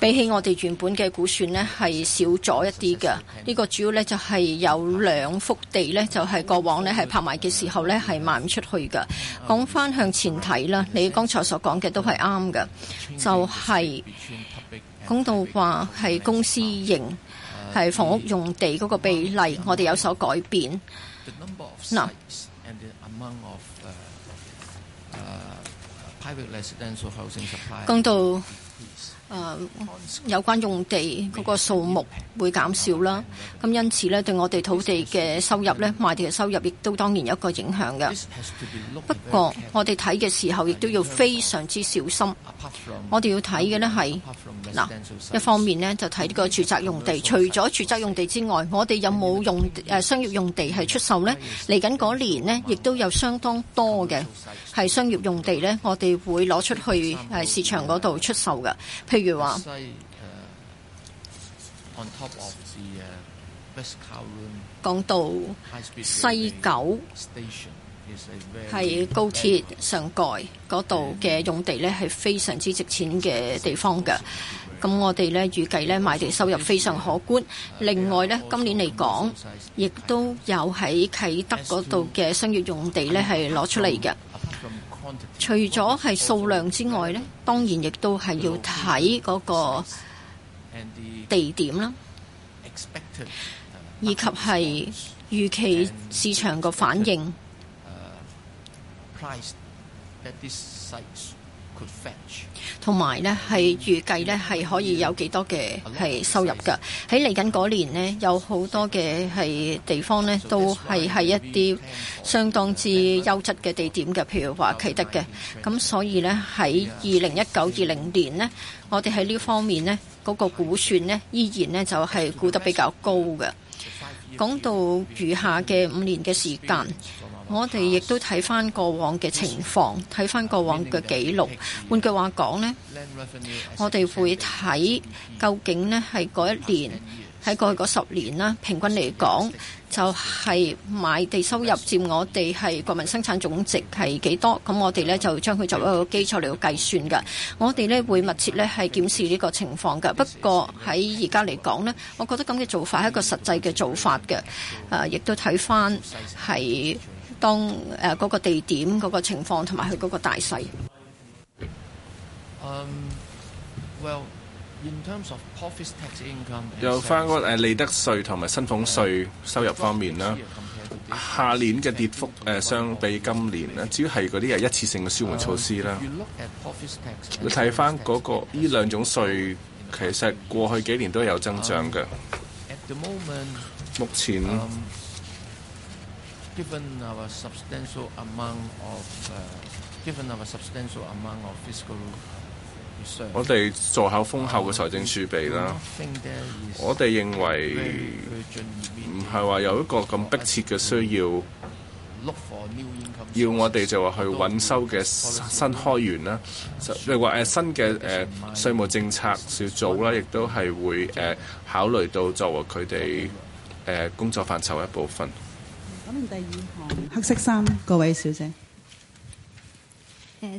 比起我哋原本嘅估算呢，係少咗一啲嘅。呢個主要呢，就係有兩幅地呢，就係過往呢，係拍賣嘅時候呢，係賣唔出去嘅。講翻向前睇啦，你剛才所講嘅都係啱嘅，就係講到話係公司型係房屋用地嗰個比例，我哋有所改變。嗱，講到。誒、啊、有關用地嗰個數目會減少啦，咁因此呢，對我哋土地嘅收入呢，賣地嘅收入亦都當然有一個影響嘅。不過我哋睇嘅時候亦都要非常之小心，我哋要睇嘅呢，係嗱，一方面呢，就睇呢個住宅用地，除咗住宅用地之外，我哋有冇用商業用地係出售呢？嚟緊嗰年呢，亦都有相當多嘅係商業用地呢，我哋會攞出去市場嗰度出售嘅，譬如。譬如話，講到西九係高鐵上蓋嗰度嘅用地咧，係非常之值錢嘅地方嘅。咁我哋咧預計咧賣地收入非常可觀。另外咧，今年嚟講，亦都有喺啟德嗰度嘅商業用地咧係攞出嚟嘅。除咗係數量之外呢，當然亦都係要睇嗰個地點啦，以及係預期市場個反應。同埋呢，係預計呢係可以有幾多嘅係收入㗎？喺嚟緊嗰年呢，有好多嘅係地方呢，都係喺一啲相當之優質嘅地點嘅，譬如話啟德嘅。咁所以呢，喺二零一九二零年呢，我哋喺呢方面呢，嗰個估算呢，依然呢就係估得比較高嘅。講到餘下嘅五年嘅時間。我哋亦都睇翻過往嘅情況，睇翻過往嘅記錄。換句話講呢，我哋會睇究竟呢係嗰一年，喺過去嗰十年啦，平均嚟講就係、是、買地收入佔我哋係國民生產總值係幾多？咁我哋呢就將佢作為一個基礎嚟到計算嘅。我哋呢會密切呢係檢視呢個情況嘅。不過喺而家嚟講呢，我覺得咁嘅做法係一個實際嘅做法嘅。誒、啊，亦都睇翻係。當誒嗰個地點、嗰、嗰個情況同埋佢嗰個大勢。有翻嗰利得稅同埋薪俸稅收入方面啦，下年嘅跌幅誒相比今年咧，主要係嗰啲係一次性嘅舒緩措施啦。你睇翻嗰個呢兩種稅，其實過去幾年都有增長嘅。Um, moment, 目前。Um, given our substantial amount of 我哋做好豐厚嘅財政儲備啦。Uh, 我哋認為唔係話有一個咁迫切嘅需要，要我哋就話去揾收嘅新開源啦，例如話新嘅誒、uh, 稅務政策小組啦，亦都係會、uh, 考慮到作為佢哋、uh, 工作範疇一部分。第二行黑色衫，各位小姐。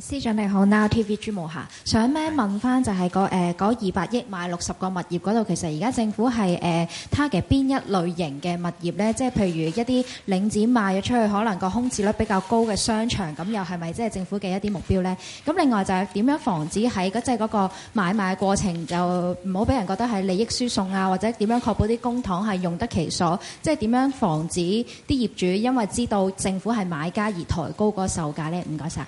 誒，司長你好，Now TV 朱慕霞想咩問翻就係個誒嗰二百億買六十個物業嗰度，其實而家政府係誒，它嘅邊一類型嘅物業呢？即係譬如一啲領展賣咗出去，可能個空置率比較高嘅商場，咁又係咪即係政府嘅一啲目標呢？咁另外就係點樣防止喺即係嗰個買賣過程就唔好俾人覺得係利益輸送啊，或者點樣確保啲公帑係用得其所，即係點樣防止啲業主因為知道政府係買家而抬高個售價呢？唔該晒。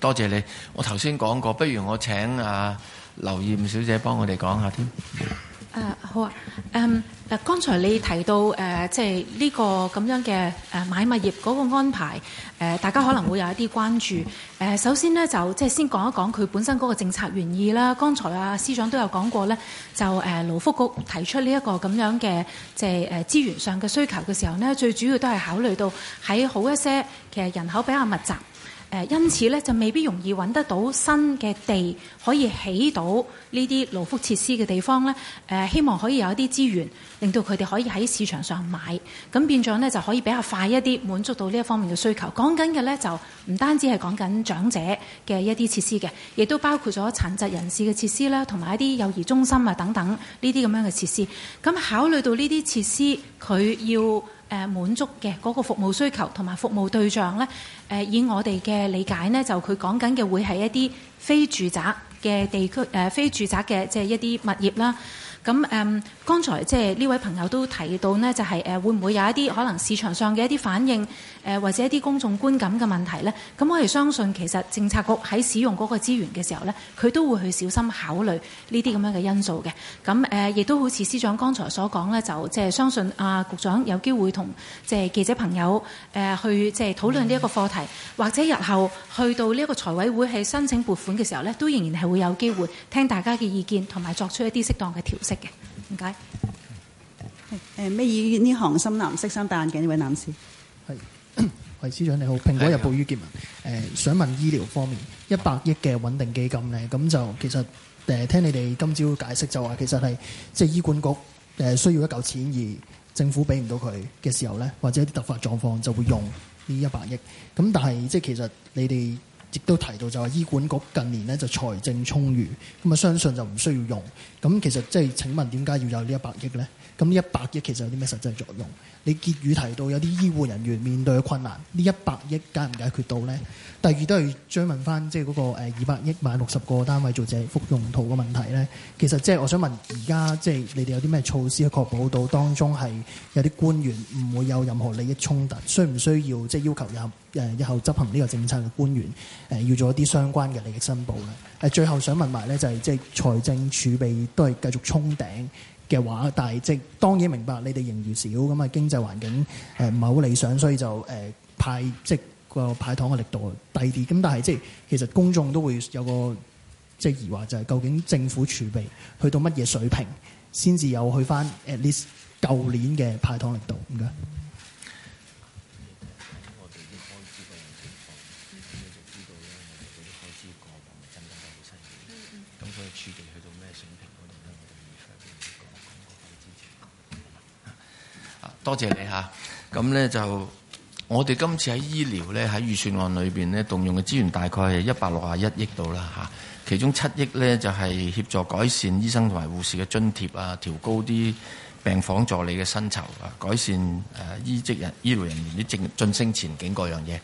多謝你。我頭先講過，不如我請阿劉燕小姐幫我哋講下添。誒、呃、好啊。誒、嗯、嗱，剛才你提到誒，即係呢個咁樣嘅誒買物業嗰個安排，誒、呃、大家可能會有一啲關注。誒、呃、首先呢，就即係先講一講佢本身嗰個政策原意啦。剛才阿、啊、司長都有講過咧，就誒勞、呃、福局提出呢、這、一個咁樣嘅即係誒資源上嘅需求嘅時候呢，最主要都係考慮到喺好一些其實人口比較密集。誒，因此咧就未必容易揾得到新嘅地可以起到呢啲勞福設施嘅地方咧、呃。希望可以有一啲資源，令到佢哋可以喺市場上買，咁變咗咧就可以比較快一啲滿足到呢一方面嘅需求。講緊嘅咧就唔單止係講緊長者嘅一啲設施嘅，亦都包括咗殘疾人士嘅設施啦，同埋一啲幼兒中心啊等等呢啲咁樣嘅設施。咁考慮到呢啲設施佢要。誒滿足嘅嗰個服務需求同埋服務對象咧，誒以我哋嘅理解咧，就佢講緊嘅會係一啲非住宅嘅地區，誒非住宅嘅即係一啲物業啦。咁誒，剛才即係呢位朋友都提到咧，就係、是、誒會唔會有一啲可能市場上嘅一啲反應誒或者一啲公眾觀感嘅問題咧？咁我哋相信其實政策局喺使用嗰個資源嘅時候咧，佢都會去小心考慮呢啲咁樣嘅因素嘅。咁誒亦都好似司長剛才所講咧，就即係相信啊局長有機會同即係記者朋友誒、啊、去即係討論呢一個課題，或者日後去到呢一個財委會係申請撥款嘅時候咧，都仍然係會有機會聽大家嘅意見同埋作出一啲適當嘅調整。識嘅，唔該，誒，咩意呢行深藍色衫戴眼鏡呢位男士？係，喂司長你好。《蘋果日報見》于建文，誒想問醫療方面一百億嘅穩定基金咧，咁就其實誒聽你哋今朝解釋就話其實係即係醫管局誒需要一嚿錢而政府俾唔到佢嘅時候咧，或者一啲突發狀況就會用呢一百億。咁但係即係其實你哋。亦都提到就話醫管局近年咧就財政充裕，咁啊相信就唔需要用。咁其實即係請問點解要有呢一百億呢？咁呢一百億其實有啲咩實際作用？你結語提到有啲醫護人員面對嘅困難，呢一百億解唔解決到呢？第二都係追問翻即係嗰個二百億買六十個單位做社福用途嘅問題呢。其實即係我想問，而家即係你哋有啲咩措施確保到當中係有啲官員唔會有任何利益衝突？需唔需要即係要求有？誒，日後執行呢個政策嘅官員誒，要做一啲相關嘅利益申報。最後想問埋咧，就係即係財政儲備都係繼續衝頂嘅話，但係即當然明白你哋盈餘少咁啊，經濟環境誒唔係好理想，所以就派即係個派糖嘅力度低啲。咁但係即其實公眾都會有個即係疑問就係，究竟政府儲備去到乜嘢水平先至有去翻 at least 舊年嘅派糖力度咁嘅？謝謝。多謝你下咁呢，就我哋今次喺醫療呢，喺預算案裏面呢，動用嘅資源大概係一百六十一億度啦，其中七億呢，就係協助改善醫生同埋護士嘅津貼啊，調高啲病房助理嘅薪酬啊，改善誒醫職人醫療人員啲正晉升前景嗰樣嘢。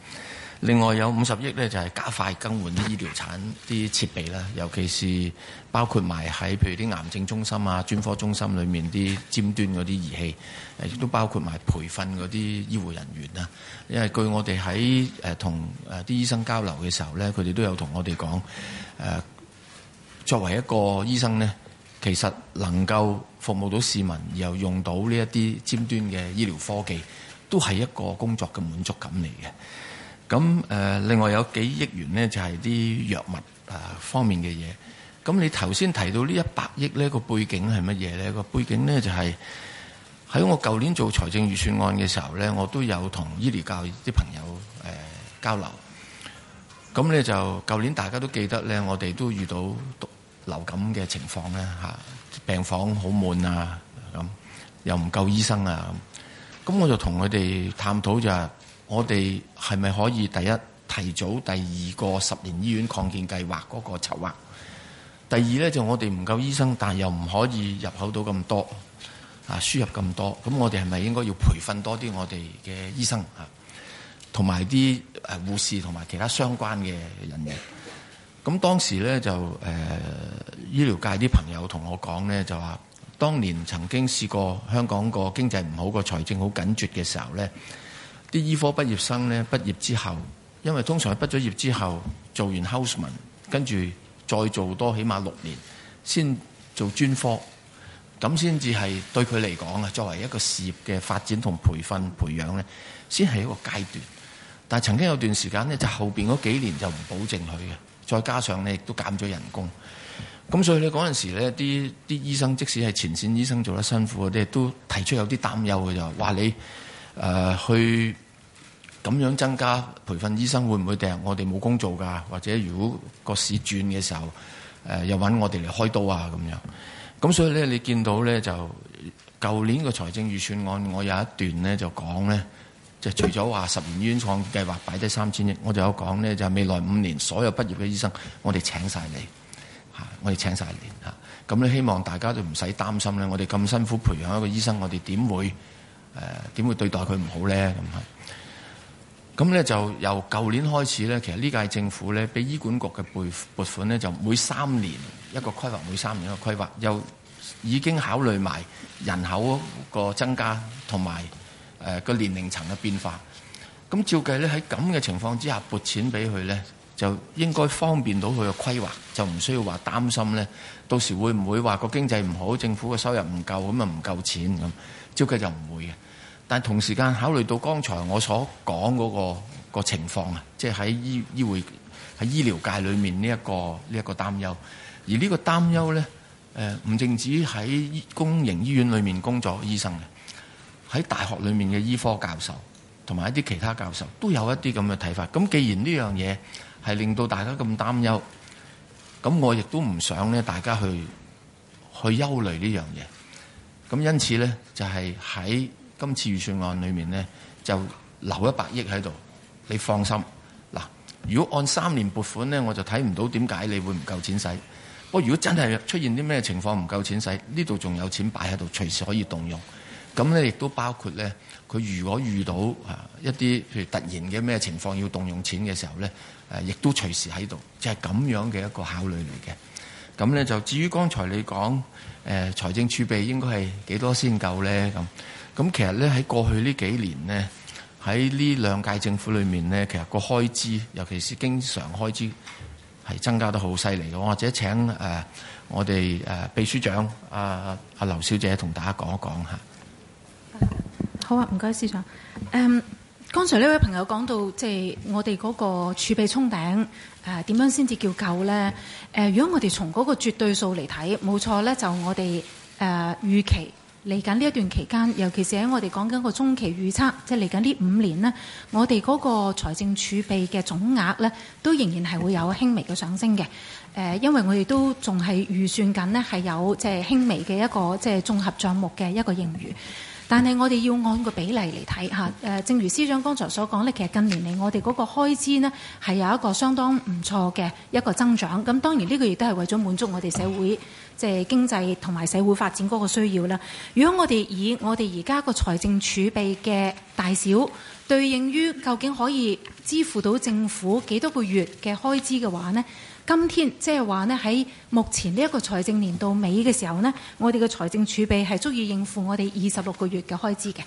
另外有五十億咧，就係加快更換醫療產啲設備啦，尤其是包括埋喺譬如啲癌症中心啊、專科中心裏面啲尖端嗰啲儀器，亦都包括埋培訓嗰啲醫護人員啦。因為據我哋喺誒同誒啲醫生交流嘅時候咧，佢哋都有同我哋講誒，作為一個醫生呢，其實能夠服務到市民，而又用到呢一啲尖端嘅醫療科技，都係一個工作嘅滿足感嚟嘅。咁誒，另外有幾億元呢，就係啲藥物啊方面嘅嘢。咁你頭先提到呢一百億呢個背景係乜嘢呢？個背景呢，就係喺我舊年做財政預算案嘅時候呢，我都有同醫療界啲朋友交流。咁呢就舊年大家都記得呢，我哋都遇到流感嘅情況咧嚇，病房好滿啊咁，又唔夠醫生啊咁。咁我就同佢哋探討就。我哋係咪可以第一提早第二個十年醫院擴建計劃嗰個籌劃？第二呢，就我哋唔夠醫生，但又唔可以入口到咁多啊，輸入咁多。咁我哋係咪應該要培訓多啲我哋嘅醫生啊？同埋啲誒護士同埋其他相關嘅人員。咁當時呢，就誒、呃、醫療界啲朋友同我講呢，就話當年曾經試過香港個經濟唔好，個財政好緊絀嘅時候呢。啲醫科畢業生咧畢業之後，因為通常係畢咗業之後做完 houseman，跟住再做多起碼六年先做專科，咁先至係對佢嚟講啊，作為一個事業嘅發展同培訓培養咧，先係一個階段。但係曾經有段時間咧，就後面嗰幾年就唔保證佢嘅，再加上咧亦都減咗人工，咁所以咧嗰陣時咧，啲啲醫生即使係前線醫生做得辛苦啲，都提出有啲擔憂嘅就話你。誒、呃、去咁樣增加培訓醫生會唔會掟？我哋冇工做㗎，或者如果個市轉嘅時候，呃、又搵我哋嚟開刀啊咁樣。咁所以咧，你見到咧就舊年個財政預算案，我有一段咧就講咧，即係除咗話十年醫院創計劃擺低三千億，我就有講咧就係、是、未來五年所有畢業嘅醫生，我哋請晒你嚇，我哋請晒你嚇。咁、嗯、咧、嗯嗯，希望大家都唔使擔心咧，我哋咁辛苦培養一個醫生，我哋點會？誒點會對待佢唔好咧？咁係，咁咧就由舊年開始咧，其實呢屆政府咧，俾醫管局嘅撥撥款咧，就每三年一個規劃，每三年一個規劃，又已經考慮埋人口個增加同埋誒個年齡層嘅變化。咁照計咧，喺咁嘅情況之下撥錢俾佢咧，就應該方便到佢嘅規劃，就唔需要話擔心咧。到時會唔會話個經濟唔好，政府嘅收入唔夠咁啊唔夠錢咁？照計就唔會嘅。但同時間考慮到剛才我所講嗰個個情況啊，即係喺醫醫會喺醫療界裏面呢一個呢一個擔憂，而呢個擔憂咧，誒唔淨止喺公營醫院裏面工作醫生嘅，喺大學裏面嘅醫科教授同埋一啲其他教授都有一啲咁嘅睇法。咁既然呢樣嘢係令到大家咁擔憂，咁我亦都唔想咧大家去去憂慮呢樣嘢。咁因此咧，就係喺今次預算案裏面呢，就留一百億喺度。你放心嗱，如果按三年撥款呢，我就睇唔到點解你會唔夠錢使。不過，如果真係出現啲咩情況唔夠錢使，呢度仲有錢擺喺度，隨時可以動用。咁呢亦都包括呢，佢如果遇到啊一啲譬如突然嘅咩情況要動用錢嘅時候呢，誒亦都隨時喺度，即係咁樣嘅一個考慮嚟嘅。咁呢，就至於剛才你講誒財政儲備應該係幾多先夠呢？咁。咁其實咧喺過去呢幾年呢，喺呢兩屆政府裏面呢，其實個開支，尤其是經常開支，係增加得好犀利嘅。我或者請誒、呃、我哋誒、呃、秘書長啊阿、呃、劉小姐同大家講一講嚇。好啊，唔該，司長。誒、呃，剛才呢位朋友講到即係、就是、我哋嗰個儲備沖頂誒點樣先至叫夠咧？誒、呃，如果我哋從嗰個絕對數嚟睇，冇錯咧，就我哋誒預期。嚟緊呢一段期間，尤其是喺我哋講緊個中期預測，即係嚟緊呢五年呢，我哋嗰個財政儲備嘅總額呢，都仍然係會有輕微嘅上升嘅。誒，因為我哋都仲係預算緊呢，係有即係輕微嘅一個即係綜合帳目嘅一個盈餘。但係我哋要按個比例嚟睇吓，誒，正如司長剛才所講咧，其實近年嚟我哋嗰個開支咧係有一個相當唔錯嘅一個增長。咁當然呢個亦都係為咗滿足我哋社會即係經濟同埋社會發展嗰個需要啦。如果我哋以我哋而家個財政儲備嘅大小對應於究竟可以支付到政府幾多個月嘅開支嘅話咧，今天即係話呢，喺、就是、目前呢一個財政年度尾嘅時候呢，我哋嘅財政儲備係足以應付我哋二十六個月嘅開支嘅。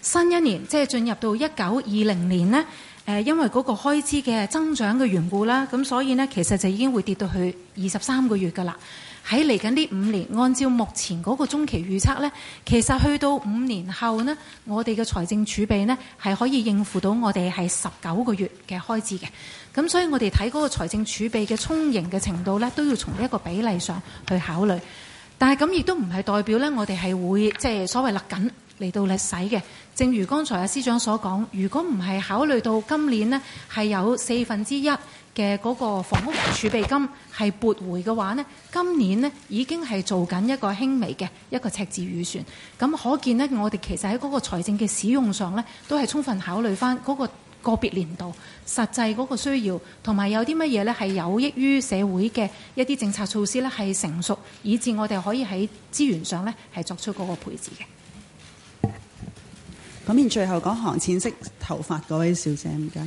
新一年即係進入到一九二零年呢，誒，因為嗰個開支嘅增長嘅緣故啦，咁所以呢，其實就已經會跌到去二十三個月噶啦。喺嚟緊呢五年，按照目前嗰個中期預測呢，其實去到五年後呢，我哋嘅財政儲備呢係可以應付到我哋係十九個月嘅開支嘅。咁所以，我哋睇嗰個財政儲備嘅充盈嘅程度呢，都要從一個比例上去考慮。但係咁亦都唔係代表呢，我哋係會即係所謂勒緊嚟到勒使嘅。正如剛才阿司長所講，如果唔係考慮到今年呢，係有四分之一嘅嗰個房屋儲備金係撥回嘅話呢，今年呢已經係做緊一個輕微嘅一個赤字預算，咁可見呢，我哋其實喺嗰個財政嘅使用上呢，都係充分考慮翻嗰個個別年度實際嗰個需要，同埋有啲乜嘢呢係有益於社會嘅一啲政策措施呢係成熟，以至我哋可以喺資源上呢係作出嗰個配置嘅。咁然，最後嗰行淺色頭髮嗰位小姐唔該。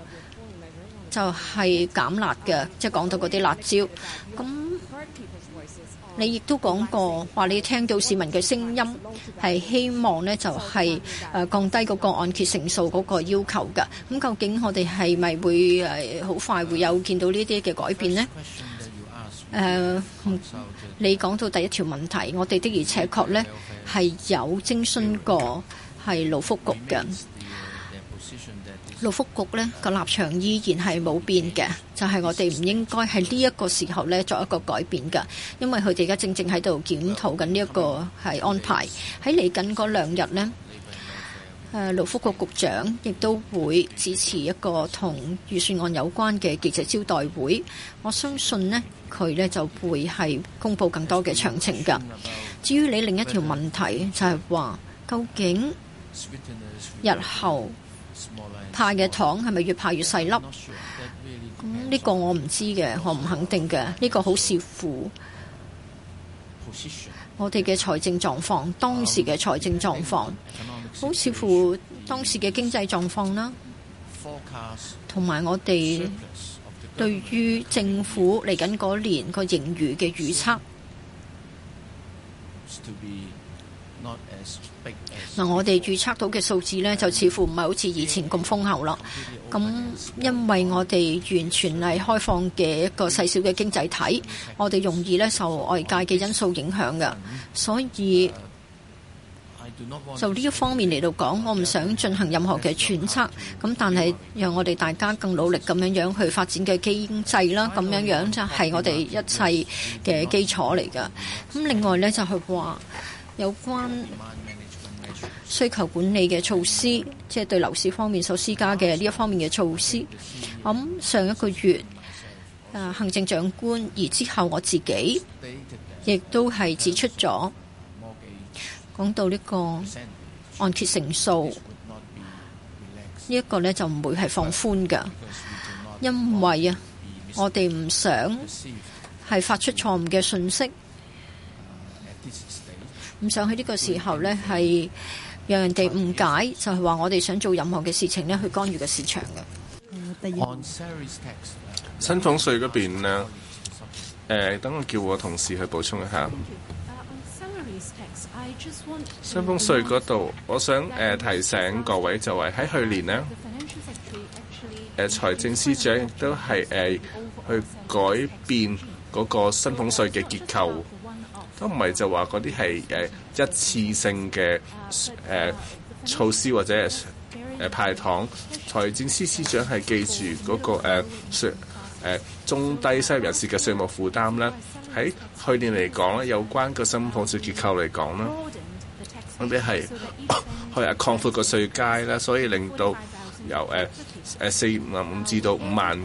就係減辣嘅，即係講到嗰啲辣椒。咁你亦都講過話，你聽到市民嘅聲音，係希望呢就係誒降低個按揭成數嗰個要求嘅。咁究竟我哋係咪會誒好快會有見到呢啲嘅改變呢？誒，你講到第一條問題，我哋的而且確呢係有徵詢過係勞福局嘅。勞福局呢個立場依然係冇變嘅，就係我哋唔應該喺呢一個時候呢作一個改變嘅，因為佢哋而家正正喺度檢討緊呢一個係安排喺嚟緊嗰兩日呢。誒，勞福局局長亦都會主持一個同預算案有關嘅記者招待會，我相信呢佢呢就會係公布更多嘅詳情㗎。至於你另一條問題就係話，究竟日後，派嘅糖係咪越派越細粒？呢、嗯這個我唔知嘅，我唔肯定嘅。呢、這個好視乎我哋嘅財政狀況，當時嘅財政狀況，好、um, 視乎當時嘅經濟狀況啦，同、嗯、埋我哋對於政府嚟緊嗰年個盈餘嘅預測。嗱、嗯，我哋預測到嘅數字呢，就似乎唔係好似以前咁豐厚啦。咁，因為我哋完全係開放嘅一個細小嘅經濟體，我哋容易呢受外界嘅因素影響㗎，所以就呢一方面嚟到講，我唔想進行任何嘅揣測。咁，但係讓我哋大家更努力咁樣樣去發展嘅經濟啦，咁樣樣就係我哋一切嘅基礎嚟噶。咁另外呢，就係話有關。需求管理嘅措施，即係對樓市方面所施加嘅呢一方面嘅措施。咁上一個月，啊行政長官而之後我自己亦都係指出咗，講到呢個按揭成數，呢一個咧就唔會係放寬嘅，因為啊，我哋唔想係發出錯誤嘅信息，唔想喺呢個時候咧係。讓人哋誤解就係話我哋想做任何嘅事情咧去干預嘅市場嘅。薪俸稅嗰邊咧，誒等我叫我同事去補充一下。薪俸稅嗰度，我想誒提醒各位就係喺去年咧，誒財政司長亦都係誒去改變嗰個薪俸稅嘅結構，都唔係就話嗰啲係誒。一次性嘅誒措施或者誒派糖，財政司司長係記住嗰、那個誒誒、呃、中低收入人士嘅稅務負擔咧。喺去年嚟講咧，有關個薪俸稅結構嚟講咧，我哋係去擴闊個稅階啦，所以令到由誒誒四萬五至到五萬，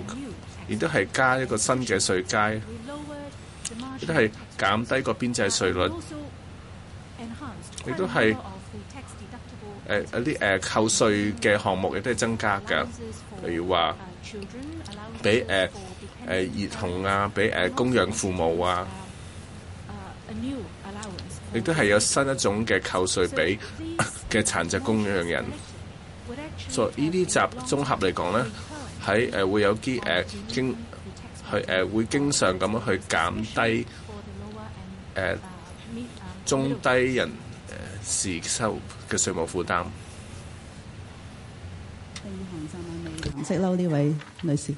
亦都係加一個新嘅稅階，亦都係減低個邊際稅率。亦都係誒一啲誒扣稅嘅項目，亦都係增加嘅。譬如話俾誒誒兒童啊，俾誒、啊、供養父母啊，亦都係有新一種嘅扣稅俾嘅殘疾供養人。所、so, 以呢啲集綜合嚟講咧，喺誒、啊、會有啲誒、啊、經去誒、啊、會經常咁樣去減低誒、啊、中低人。是收嘅稅務負擔。唔識嬲呢位女士。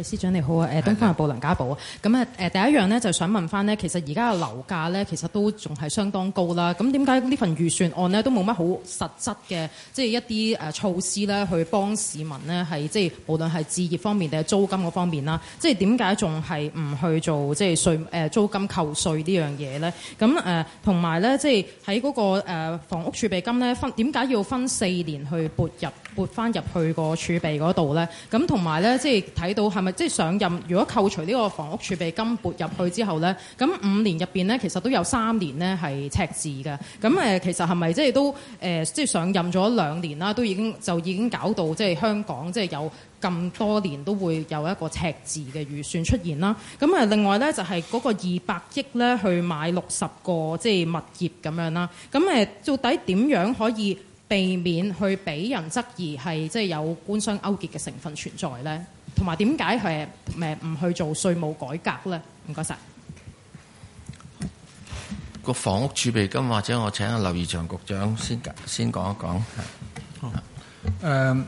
係，司長你好啊！誒，東方日報梁家寶啊，咁啊誒，第一樣呢，就想問翻呢。其實而家嘅樓價呢，其實都仲係相當高啦。咁點解呢份預算案呢，都冇乜好實質嘅，即係一啲誒措施呢，去幫市民呢，係即係無論係置業方面定係租金嗰方面啦，即係點解仲係唔去做即係稅誒租金扣稅呢樣嘢呢？咁同埋呢，即係喺嗰個房屋儲備金呢，分點解要分四年去撥入撥翻入去個儲備嗰度呢？咁同埋呢，即係睇到係。即係上任，如果扣除呢個房屋儲備金撥入去之後呢，咁五年入邊呢，其實都有三年呢係赤字嘅。咁誒，其實係咪即係都誒，即係上任咗兩年啦，都已經就已經搞到即係香港即係有咁多年都會有一個赤字嘅預算出現啦。咁誒，另外呢，就係嗰個二百億呢，去買六十個即係物業咁樣啦。咁誒，到底點樣可以避免去俾人質疑係即係有官商勾結嘅成分存在呢？同埋點解誒誒唔去做稅務改革咧？唔該晒。個房屋儲備金或者我請阿劉怡翔局長先講先講一講。誒、uh，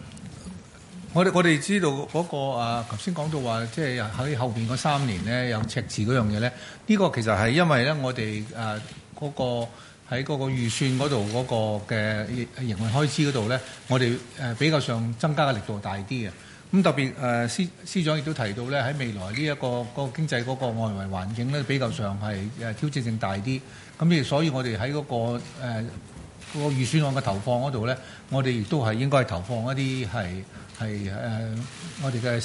我哋我哋知道嗰個啊，頭先講到話，即係喺後邊嗰三年咧有赤字嗰樣嘢咧。呢個其實係因為咧，我哋誒嗰個喺嗰個預算嗰度嗰個嘅營運開支嗰度咧，我哋誒比較上增加嘅力度大啲嘅。咁特別誒、呃，司司長亦都提到咧，喺未來呢、呢、一個、呢個經濟嗰個外圍環境咧，比較上係挑戰性大啲。咁亦所以我哋喺嗰個誒嗰、呃嗰個、預算案嘅投放嗰度咧，我哋亦都係應該係投放一啲係係誒我哋嘅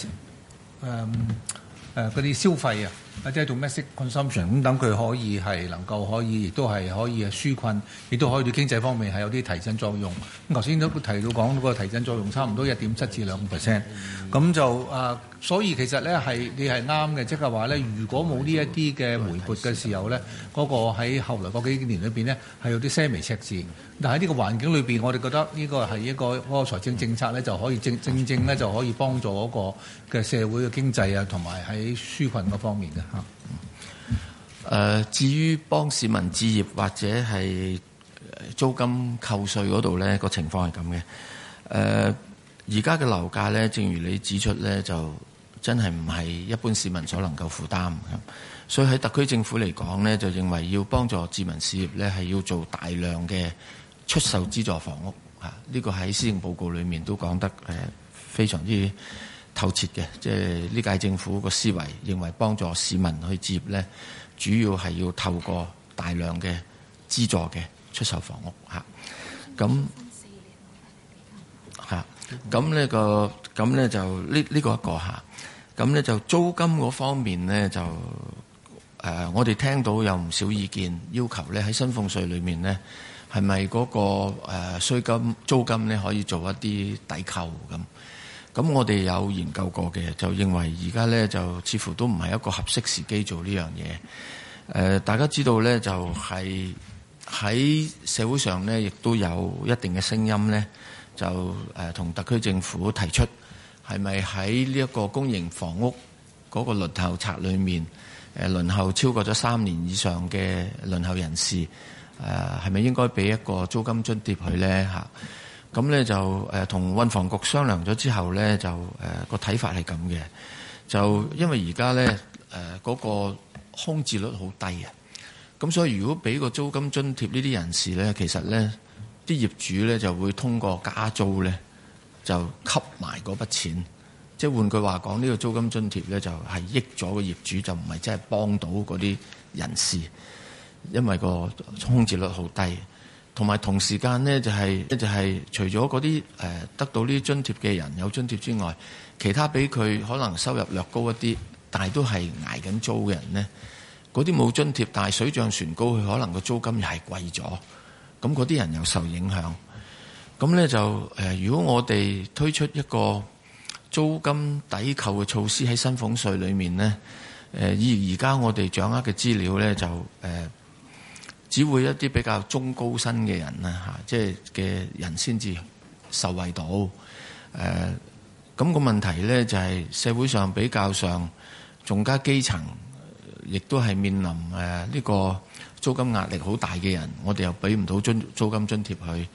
誒嗰啲消費啊。或者做 massive consumption，咁等佢可以係能夠可以亦都係可以紓困，亦都可以對經濟方面係有啲提振作用。咁頭先都提到講到、嗰個提振作用差唔多一點七至兩個 percent，咁就啊，所以其實咧係你係啱嘅，即係話咧，如果冇呢一啲嘅回撥嘅時候咧，嗰、嗰個喺後來嗰幾年裏邊咧係有啲些微赤字。但喺呢個環境裏邊，我哋覺得呢個係一個嗰、嗰個財政政策咧就可以正正正咧就可以幫助嗰個嘅社會嘅經濟啊，同埋喺紓困嗰方面嘅。誒、呃，至於幫市民置業或者係租金扣稅嗰度呢個情況係咁嘅。誒、呃，而家嘅樓價呢，正如你指出呢，就真係唔係一般市民所能夠負擔。所以喺特區政府嚟講呢，就認為要幫助市民置業呢，係要做大量嘅出售資助房屋。嚇，呢、這個喺施政報告裡面都講得誒非常之透徹嘅，即係呢屆政府個思維認為幫助市民去置業咧，主要係要透過大量嘅資助嘅出售房屋嚇，咁嚇咁呢個咁咧就呢呢個一個嚇，咁咧就租金嗰方面咧就誒、呃，我哋聽到有唔少意見要求咧喺薪俸稅法裏面咧、那個，係咪嗰個誒稅金租金咧可以做一啲抵扣咁？咁我哋有研究過嘅，就認為而家呢，就似乎都唔係一個合適時機做呢樣嘢。大家知道呢，就係、是、喺社會上呢，亦都有一定嘅聲音呢，就同、呃、特區政府提出，係咪喺呢一個公營房屋嗰個輪候冊裏面、呃，輪候超過咗三年以上嘅輪候人士，係、呃、咪應該俾一個租金津貼佢呢？吓！咁咧就同、呃、運房局商量咗之後咧就誒個睇法係咁嘅，就因為而家咧嗰個空置率好低啊，咁所以如果俾個租金津貼呢啲人士咧，其實咧啲業主咧就會通過加租咧就吸埋嗰筆錢，即係換句話講，呢個租金津貼咧就係益咗個業主，就唔係真係幫到嗰啲人士，因為個空置率好低。同埋同時間呢，就係就係除咗嗰啲得到呢啲津貼嘅人有津貼之外，其他俾佢可能收入略高一啲，但係都係捱緊租嘅人呢，嗰啲冇津貼，但係水漲船高，佢可能個租金又係貴咗，咁嗰啲人又受影響。咁呢，就如果我哋推出一個租金抵扣嘅措施喺薪俸稅裏面呢，誒而而家我哋掌握嘅資料呢，就只會一啲比較中高薪嘅人啦，嚇，即係嘅人先至受惠到。誒、呃，咁、那個問題咧就係、是、社會上比較上，仲加基層、呃，亦都係面臨呢、呃這個租金壓力好大嘅人，我哋又俾唔到津租，租金津貼佢，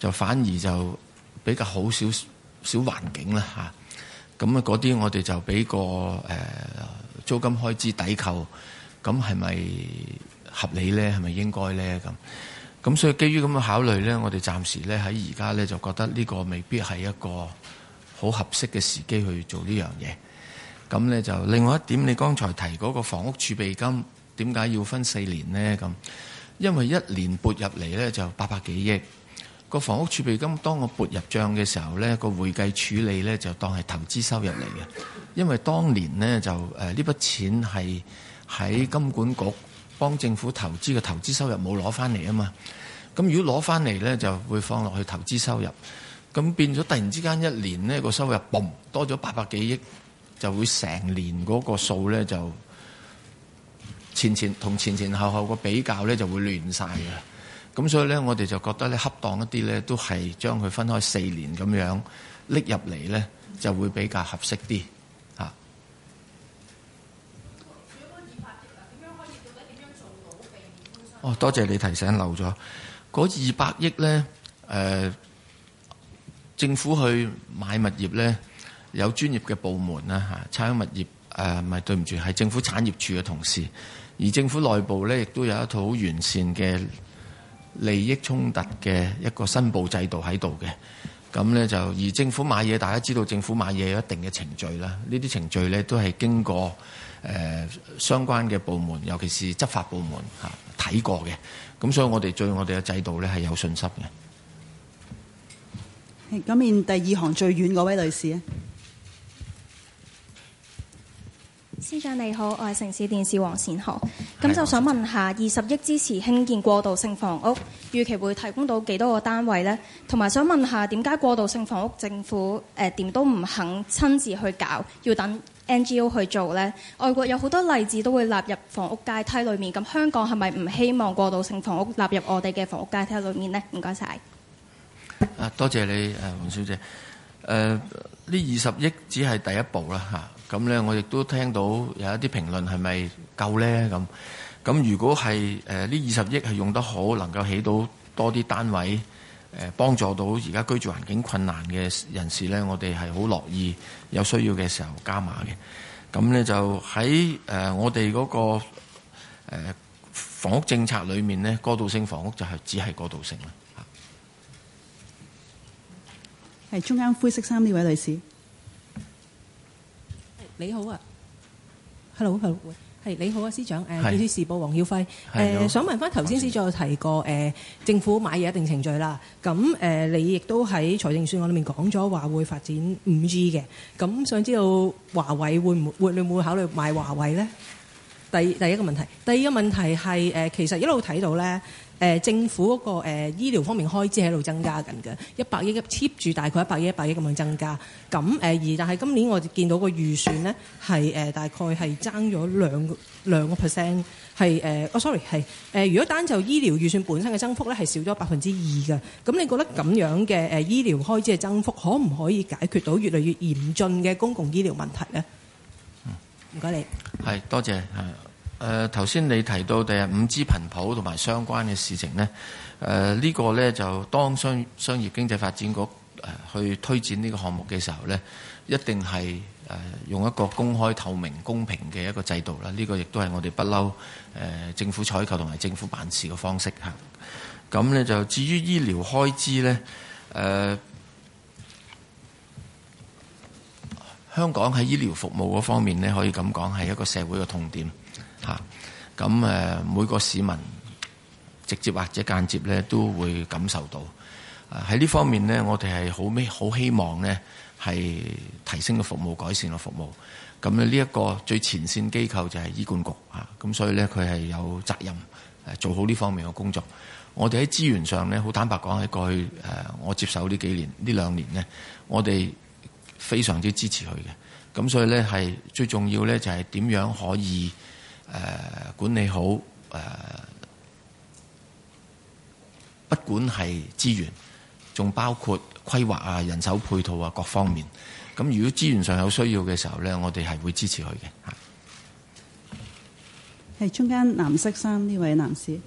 就反而就比較好少少環境啦，嚇。咁啊，嗰啲我哋就俾個、呃、租金開支抵扣，咁係咪？合理呢，係咪應該呢？咁咁，所以基於咁嘅考慮呢，我哋暫時呢喺而家呢，就覺得呢個未必係一個好合適嘅時機去做呢樣嘢。咁呢就另外一點，你剛才提嗰個房屋儲備金點解要分四年呢？咁因為一年撥入嚟呢，就八百幾億個房屋儲備金，當我撥入帳嘅時候呢，個會計處理呢，就當係投資收入嚟嘅，因為當年呢，就誒呢筆錢係喺金管局。幫政府投資嘅投資收入冇攞翻嚟啊嘛，咁如果攞翻嚟咧就會放落去投資收入，咁變咗突然之間一年呢個收入嘣多咗八百幾億，就會成年嗰個數咧就前前同前前後後個比較咧就會亂晒嘅，咁所以咧我哋就覺得咧恰當一啲咧都係將佢分開四年咁樣拎入嚟咧就會比較合適啲。哦，多謝你提醒漏咗嗰二百億呢。誒、呃，政府去買物業呢有專業嘅部門啦嚇。餐、啊、物業唔係、啊、對唔住係政府產業署嘅同事。而政府內部呢，亦都有一套好完善嘅利益衝突嘅一個申報制度喺度嘅。咁呢就而政府買嘢，大家知道政府買嘢有一定嘅程序啦。呢啲程序呢，都係經過誒、呃、相關嘅部門，尤其是執法部門、啊睇過嘅，咁所以我哋對我哋嘅制度呢係有信心嘅。咁面第二行最遠嗰位女士咧，司長你好，我係城市電視黃善學，咁就想問下二十億支持興建過渡性房屋，預期會提供到幾多個單位呢？同埋想問下點解過渡性房屋政府誒點、呃、都唔肯親自去搞，要等？N G O 去做呢？外國有好多例子都會納入房屋階梯裏面。咁香港係咪唔希望過渡性房屋納入我哋嘅房屋階梯裏面呢？唔該晒，啊，多謝你，誒、呃，黃小姐。誒、呃，呢二十億只係第一步啦嚇。咁、啊、咧，我亦都聽到有一啲評論係咪夠呢？咁。咁如果係誒呢二十億係用得好，能夠起到多啲單位。誒，幫助到而家居住環境困難嘅人士呢，我哋係好樂意有需要嘅時候加碼嘅。咁呢就喺、呃、我哋嗰、那個、呃、房屋政策裏面呢，過渡性房屋就係只係過渡性啦。係中間灰色衫呢位女士，你好啊，Hello，Hello。Hello, hello. 係你好啊，司長。誒，電視時報黃曉輝。誒、呃，想問翻頭先，司長有提過誒、呃，政府買嘢一定程序啦。咁誒、呃，你亦都喺財政預算案裏面講咗話會發展五 G 嘅。咁想知道華為會唔會，你會唔會考慮買華為咧？第第一個問題，第二個問題係誒、呃，其實一路睇到咧。誒、呃、政府嗰、那個誒、呃、醫療方面開支喺度增加緊嘅，一百億 keep 住大概一百億一百億咁樣增加。咁誒、呃、而但係今年我見到個預算呢，係誒、呃、大概係爭咗兩個兩個 percent，係誒哦 sorry 係誒、呃、如果單就醫療預算本身嘅增幅咧，係少咗百分之二嘅。咁你覺得咁樣嘅誒、呃、醫療開支嘅增幅，可唔可以解決到越嚟越嚴峻嘅公共醫療問題呢？唔該你。係多謝。誒頭先你提到第五 G 頻譜同埋相關嘅事情、呃、這個、呢，誒呢個呢就當商商業經濟發展局誒去推展呢個項目嘅時候呢，一定係誒、呃、用一個公開透明公平嘅一個制度啦。呢、這個亦都係我哋不嬲誒政府採購同埋政府辦事嘅方式吓，咁、啊、咧，就至於醫療開支呢，誒、呃、香港喺醫療服務嗰方面呢，可以咁講係一個社會嘅痛點。咁誒，每個市民直接或者間接呢都會感受到，喺呢方面呢，我哋係好咩好希望呢係提升個服務，改善個服務。咁呢一個最前線機構就係醫管局啊，咁所以呢，佢係有責任誒做好呢方面嘅工作。我在在我的。我哋喺資源上呢，好坦白講喺過去誒，我接手呢幾年呢兩年呢，我哋非常之支持佢嘅。咁所以呢，係最重要呢，就係點樣可以。管理好，不管係資源，仲包括規劃啊、人手配套啊各方面。咁如果資源上有需要嘅時候咧，我哋係會支持佢嘅。係中間藍色衫呢位男士。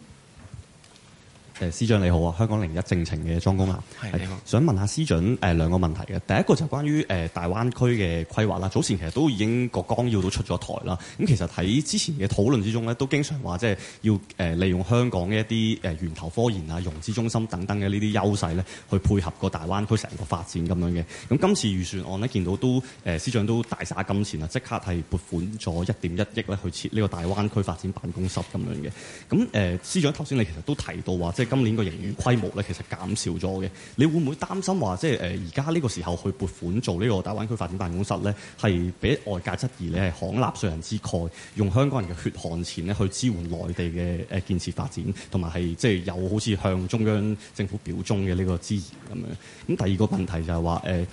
誒司長你好啊，香港零一政情嘅莊公啊，係你好，想問下司長誒兩個問題嘅。第一個就是關於誒大灣區嘅規劃啦，早前其實都已經個綱要都出咗台啦，咁其實喺之前嘅討論之中咧，都經常話即係要利用香港嘅一啲源頭科研啊、融資中心等等嘅呢啲優勢咧，去配合個大灣區成個發展咁樣嘅。咁今次預算案咧見到都誒司長都大灑金錢啊，即刻係撥款咗一點一億咧去設呢個大灣區發展辦公室咁樣嘅，咁誒司長頭先你其實都提到話今年個營業規模咧，其實減少咗嘅。你會唔會擔心話，即係誒而家呢個時候去撥款做呢個大灣區發展辦公室咧，係俾外界質疑你係慷納稅人之慨，用香港人嘅血汗錢咧去支援內地嘅誒建設發展，同埋係即係有好似向中央政府表忠嘅呢個支持咁樣？咁第二個問題就係話誒。呃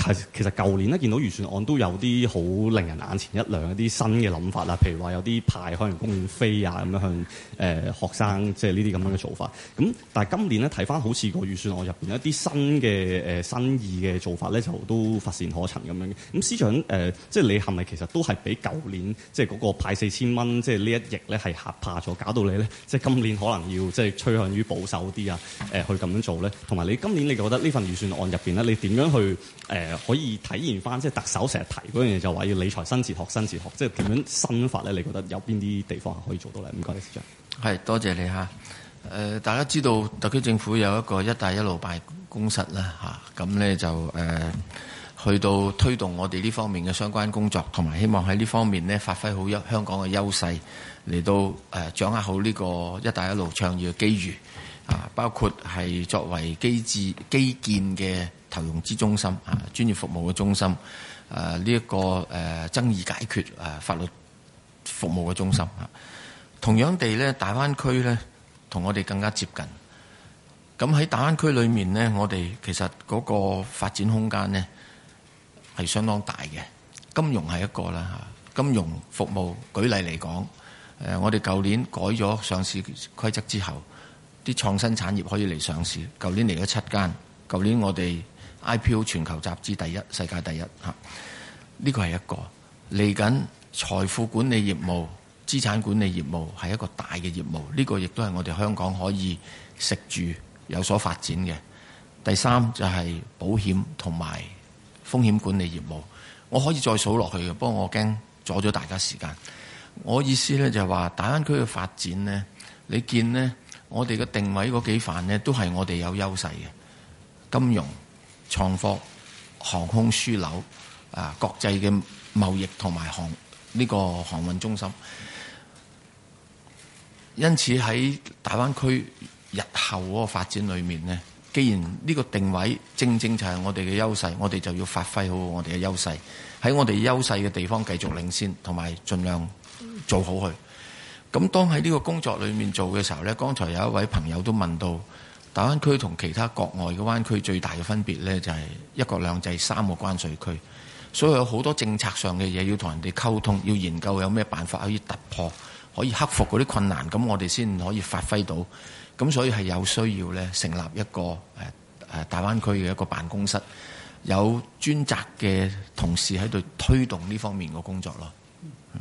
係，其實舊年咧見到預算案都有啲好令人眼前一亮的一啲新嘅諗法啦，譬如話有啲派海洋公園飛啊咁樣向誒、呃、學生，即係呢啲咁樣嘅做法。咁、嗯、但係今年咧睇翻，好似個預算案入邊一啲新嘅誒、呃、新意嘅做法咧，就都乏善可陳咁樣。咁、嗯、司長誒，即、呃、係、就是、你係咪其實都係比舊年即係嗰個派四千蚊，即係呢一役咧係嚇怕咗，搞到你咧即係今年可能要即係、就是、趨向於保守啲啊誒去咁樣做咧。同埋你今年你覺得呢份預算案入邊咧，你點樣去誒？呃可以體現翻，即係特首成日提嗰樣嘢，就話要理財新哲學新哲學，即係點樣新法咧？你覺得有邊啲地方係可以做到咧？唔該，司長。係，多謝你下、呃、大家知道特區政府有一個一帶一路辦公室啦嚇，咁咧就、呃、去到推動我哋呢方面嘅相關工作，同埋希望喺呢方面咧發揮好一香港嘅優勢，嚟到、呃、掌握好呢個一帶一路倡議嘅機遇啊，包括係作為機智基建嘅。投融資中心啊，專業服務嘅中心，誒呢一個誒、啊、爭議解決誒、啊、法律服務嘅中心啊。同樣地咧，大灣區咧同我哋更加接近。咁喺大灣區裏面呢，我哋其實嗰個發展空間呢係相當大嘅。金融係一個啦、啊，金融服務舉例嚟講、啊，我哋舊年改咗上市規則之後，啲創新產業可以嚟上市。舊年嚟咗七間，舊年我哋。IPO 全球集資第一，世界第一吓。呢個係一個嚟緊財富管理業務、資產管理業務係一個大嘅業務。呢、這個亦都係我哋香港可以食住有所發展嘅。第三就係、是、保險同埋風險管理業務。我可以再數落去嘅，不過我驚阻咗大家時間。我意思呢就係話，大灣區嘅發展呢，你見呢，我哋嘅定位嗰幾範呢，都係我哋有優勢嘅金融。創科航空樞紐啊，國際嘅貿易同埋航呢、呢個航運中心，因此喺大灣區日後嗰個發展裏面咧，既然呢個定位正正就係我哋嘅優勢，我哋就要發揮好我哋嘅優勢，喺我哋優勢嘅地方繼續領先，同埋盡量做好佢。咁當喺呢個工作裏面做嘅時候呢，剛才有一位朋友都問到。大灣區同其他國外嘅灣區最大嘅分別呢，就係一國兩制三個關稅區，所以有好多政策上嘅嘢要同人哋溝通，要研究有咩辦法可以突破，可以克服嗰啲困難，咁我哋先可以發揮到。咁所以係有需要呢，成立一個誒誒大灣區嘅一個辦公室，有專責嘅同事喺度推動呢方面嘅工作咯。嗯。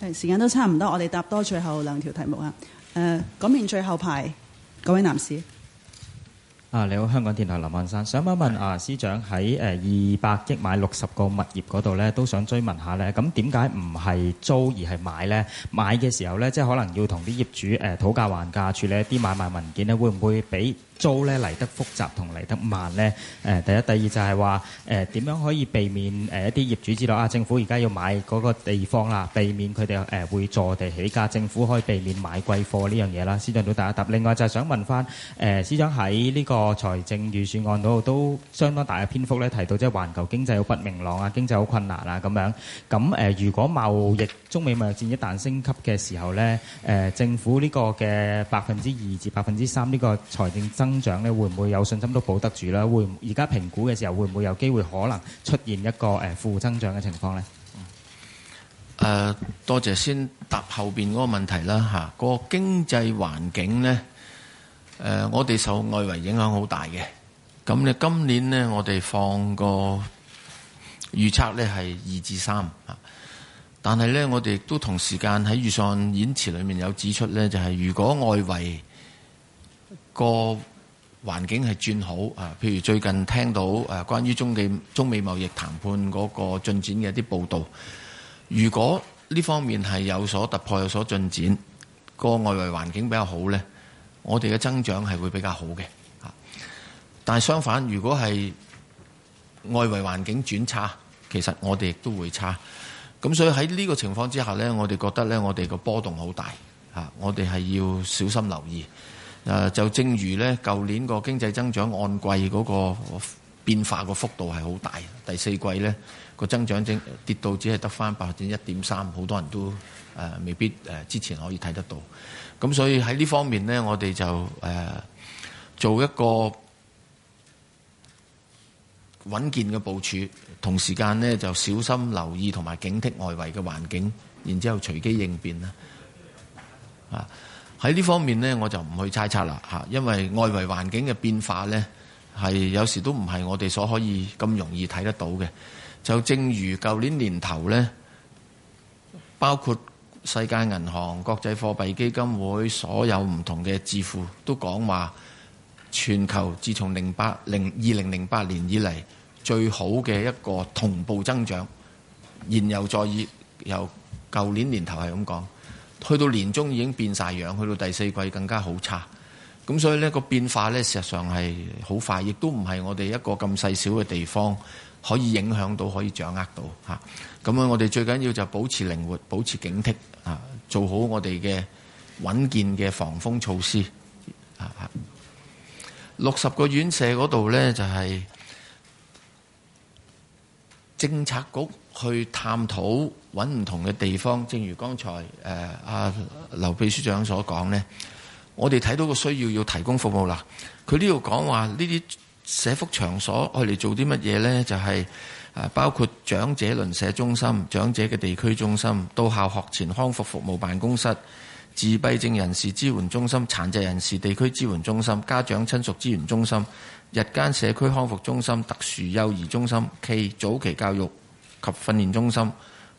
嗯。時間都差唔多，我哋答多最後兩條題目啊。誒、呃，嗰邊最後排。各位男士。啊，你好，香港電台林文生。想問一問啊，司長喺誒二百億買六十個物業嗰度咧，都想追問一下咧，咁點解唔係租而係買咧？買嘅時候咧，即係可能要同啲業主、呃、討價還價處理一啲買賣文件咧，會唔會比租咧嚟得複雜同嚟得慢咧、呃？第一、第二就係話誒點樣可以避免一啲、呃、業主知道啊，政府而家要買嗰個地方啦，避免佢哋誒會坐地起價，政府可以避免買貴貨呢樣嘢啦。司長都答一答。另外就係想問翻誒、呃、司長喺呢、這個。個財政預算案度都相當大嘅篇幅咧，提到即係環球經濟好不明朗啊，經濟好困難啊咁樣。咁誒，如果貿易中美貿易戰一旦升級嘅時候咧，誒政府呢個嘅百分之二至百分之三呢個財政增長咧，會唔會有信心都保得住咧？會唔而家評估嘅時候，會唔會有機會可能出現一個誒負增長嘅情況咧？誒，多謝先答後邊嗰個問題啦嚇。個經濟環境咧。誒、呃，我哋受外圍影響好大嘅，咁呢今年呢，我哋放個預測呢係二至三，但係呢，我哋都同時間喺預算演辭裡面有指出呢，就係、是、如果外圍個環境係轉好啊，譬如最近聽到誒關於中嘅中美貿易談判嗰個進展嘅一啲報導，如果呢方面係有所突破、有所進展，個外圍環境比較好呢。我哋嘅增長係會比較好嘅，吓，但係相反，如果係外圍環境轉差，其實我哋亦都會差。咁所以喺呢個情況之下呢，我哋覺得呢，我哋個波動好大，吓，我哋係要小心留意。誒，就正如呢，舊年個經濟增長按季嗰個變化個幅度係好大，第四季呢個增長整跌到只係得返百分之一點三，好多人都誒未必誒之前可以睇得到。咁所以喺呢方面呢，我哋就誒、呃、做一個穩健嘅部署，同時間呢，就小心留意同埋警惕外圍嘅環境，然之後隨機應變啦。啊，喺呢方面呢，我就唔去猜測啦、嚇、因為外圍環境嘅變化呢，係有時都唔係我哋所可以咁容易睇得到嘅。就正如舊年年頭呢，包括，世界銀行、國際貨幣基金會所有唔同嘅智庫都講話，全球自從零八零二零零八年以嚟最好嘅一個同步增長，現又再以由舊年年頭係咁講，去到年中已經變晒樣，去到第四季更加好差，咁所以呢個變化呢，事實上係好快，亦都唔係我哋一個咁細小嘅地方。可以影響到，可以掌握到吓。咁樣我哋最緊要就保持靈活，保持警惕啊！做好我哋嘅穩健嘅防風措施啊！六十個院舍嗰度呢，就係政策局去探討揾唔同嘅地方。正如剛才誒阿、呃啊、劉秘書長所講呢，我哋睇到個需要要提供服務啦。佢呢度講話呢啲。這些社福場所我哋做啲乜嘢呢？就係、誒、包括長者鄰舍中心、長者嘅地區中心、到校學前康復服務辦公室、自閉症人士支援中心、殘疾人士地區支援中心、家長親屬支援中心、日間社區康復中心、特殊幼兒中心、暨早期教育及訓練中心、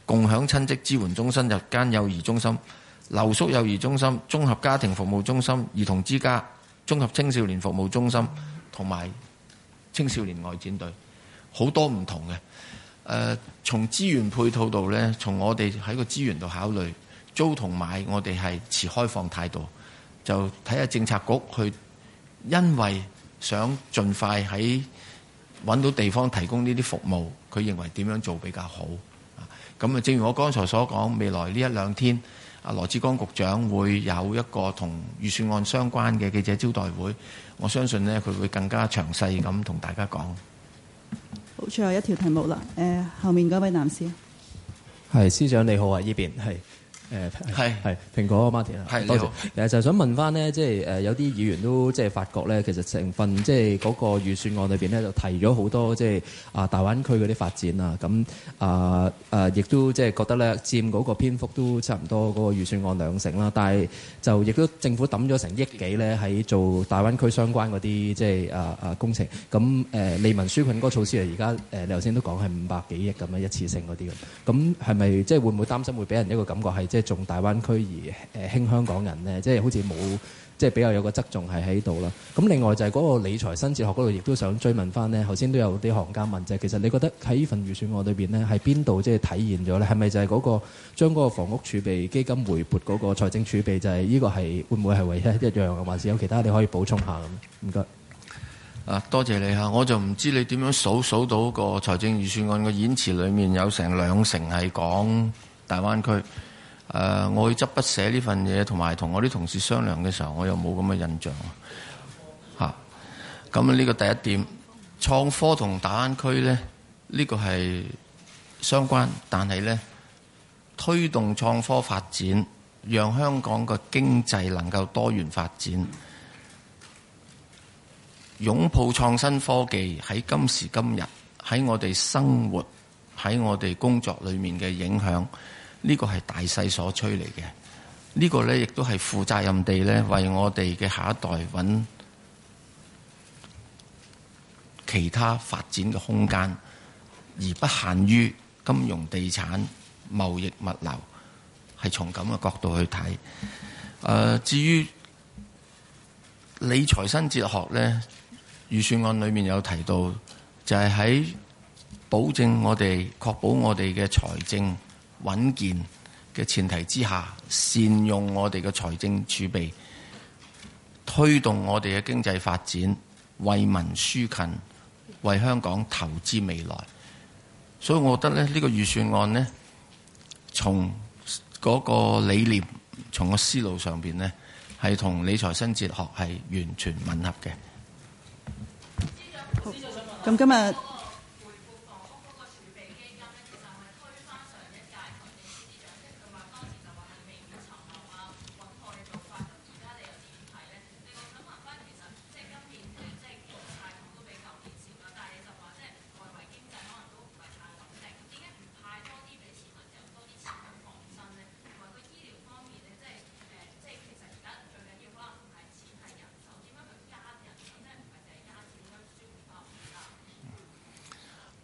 共享親職支援中心、日間幼兒中心、留宿幼兒中心、綜合家庭服務中心、兒童之家、綜合青少年服務中心同埋，青少年外展隊好多唔同嘅，誒、呃、從資源配套度咧，從我哋喺個資源度考慮租同買，我哋係持開放態度，就睇下政策局去，因為想盡快喺搵到地方提供呢啲服務，佢認為點樣做比較好，咁啊正如我剛才所講，未來呢一兩天。啊羅志剛局長會有一個同預算案相關嘅記者招待會，我相信佢會更加詳細咁同大家講。好，最後一條題目啦，呃，後面嗰位男士，係司長你好啊，呢邊係。是誒係係，蘋果啊，Martin 係多謝。就是、想問翻咧，即、就、係、是、有啲議員都即係發覺咧，其實成分即係嗰個預算案裏面咧，就提咗好多即係啊大灣區嗰啲發展啊，咁啊亦都即係、就是、覺得咧，佔嗰個篇幅都差唔多嗰、嗰個預算案兩成啦。但係就亦都政府抌咗成億幾咧喺做大灣區相關嗰啲即係工程。咁誒、啊、利民紓困嗰個措施啊，而家、呃、你頭先都講係五百幾億咁樣一次性嗰啲咁。咁係咪即係會唔會擔心會俾人一個感覺係即係？就是重大灣區而誒輕香港人呢，即係好似冇即係比較有個側重係喺度啦。咁另外就係嗰個理財新哲學嗰度，亦都想追問翻呢。頭先都有啲行家問，即係其實你覺得喺呢份預算案裏邊呢，喺邊度即係體現咗呢？係咪就係嗰個將嗰個房屋儲備基金回撥嗰個財政儲備？就係呢個係會唔會係唯一一樣嘅，還是有其他你可以補充下咁？唔該。啊，多謝你吓，我就唔知你點樣數數到個財政預算案個演辭裏面有成兩成係講大灣區。誒、呃，我去執筆寫呢份嘢，同埋同我啲同事商量嘅時候，我又冇咁嘅印象吓。咁、啊，呢個第一點，創科同大灣區呢，呢、呢個係相關，但係呢，推動創科發展，讓香港嘅經濟能夠多元發展，擁抱創新科技喺今時今日喺我哋生活、喺我哋工作裏面嘅影響。這個是這個、呢個係大勢所趨嚟嘅，呢個咧亦都係負責任地咧，為我哋嘅下一代揾其他發展嘅空間，而不限於金融、地產、貿易、物流，係從咁嘅角度去睇。誒、呃，至於理財新哲學咧，預算案裡面有提到，就係、是、喺保證我哋確保我哋嘅財政。穩健嘅前提之下，善用我哋嘅財政儲備，推動我哋嘅經濟發展，為民紓困，為香港投資未來。所以，我覺得呢，呢個預算案呢，從嗰個理念、從個思路上邊呢，係同理財新哲學係完全吻合嘅。好，咁今日。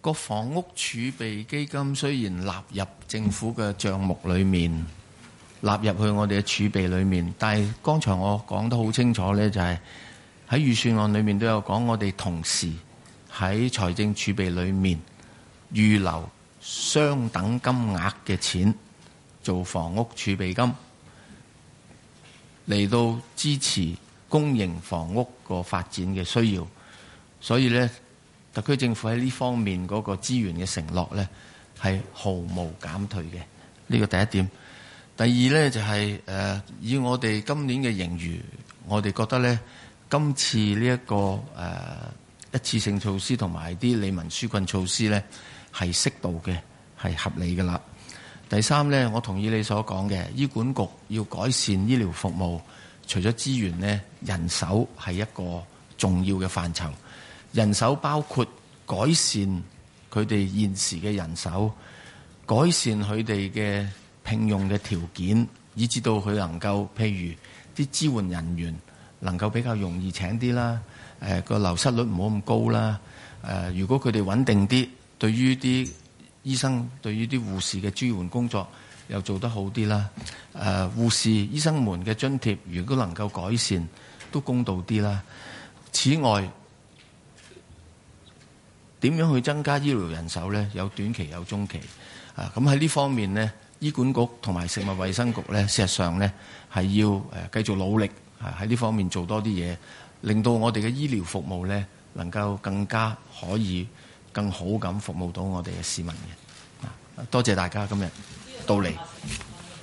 個房屋儲備基金雖然納入政府嘅賬目裏面，納入去我哋嘅儲備裏面，但係剛才我講得好清楚呢就係喺預算案裏面都有講，我哋同時喺財政儲備裏面預留相等金額嘅錢，做房屋儲備金嚟到支持公營房屋個發展嘅需要，所以呢。特區政府喺呢方面嗰個資源嘅承諾呢，係毫無減退嘅。呢個第一點。第二呢、就是，就係以我哋今年嘅盈餘，我哋覺得呢，今次呢一個一次性措施同埋啲利文疏困利民紓困措施呢，係適度嘅，係合理㗎啦。第三呢，我同意你所講嘅，醫管局要改善醫療服務，除咗資源呢，人手係一個重要嘅範疇。人手包括改善佢哋現時嘅人手，改善佢哋嘅聘用嘅條件，以至到佢能夠，譬如啲支援人員能夠比較容易請啲啦。誒、呃、個流失率唔好咁高啦。誒、呃、如果佢哋穩定啲，對於啲醫生對於啲護士嘅支援工作又做得好啲啦。誒、呃、護士醫生們嘅津貼如果能夠改善都公道啲啦。此外，點樣去增加醫療人手呢？有短期有中期啊！咁喺呢方面呢，醫管局同埋食物衛生局呢，事實上呢，係要繼續努力啊！喺呢方面做多啲嘢，令到我哋嘅醫療服務呢，能夠更加可以更好咁服務到我哋嘅市民嘅。多謝大家今日到嚟。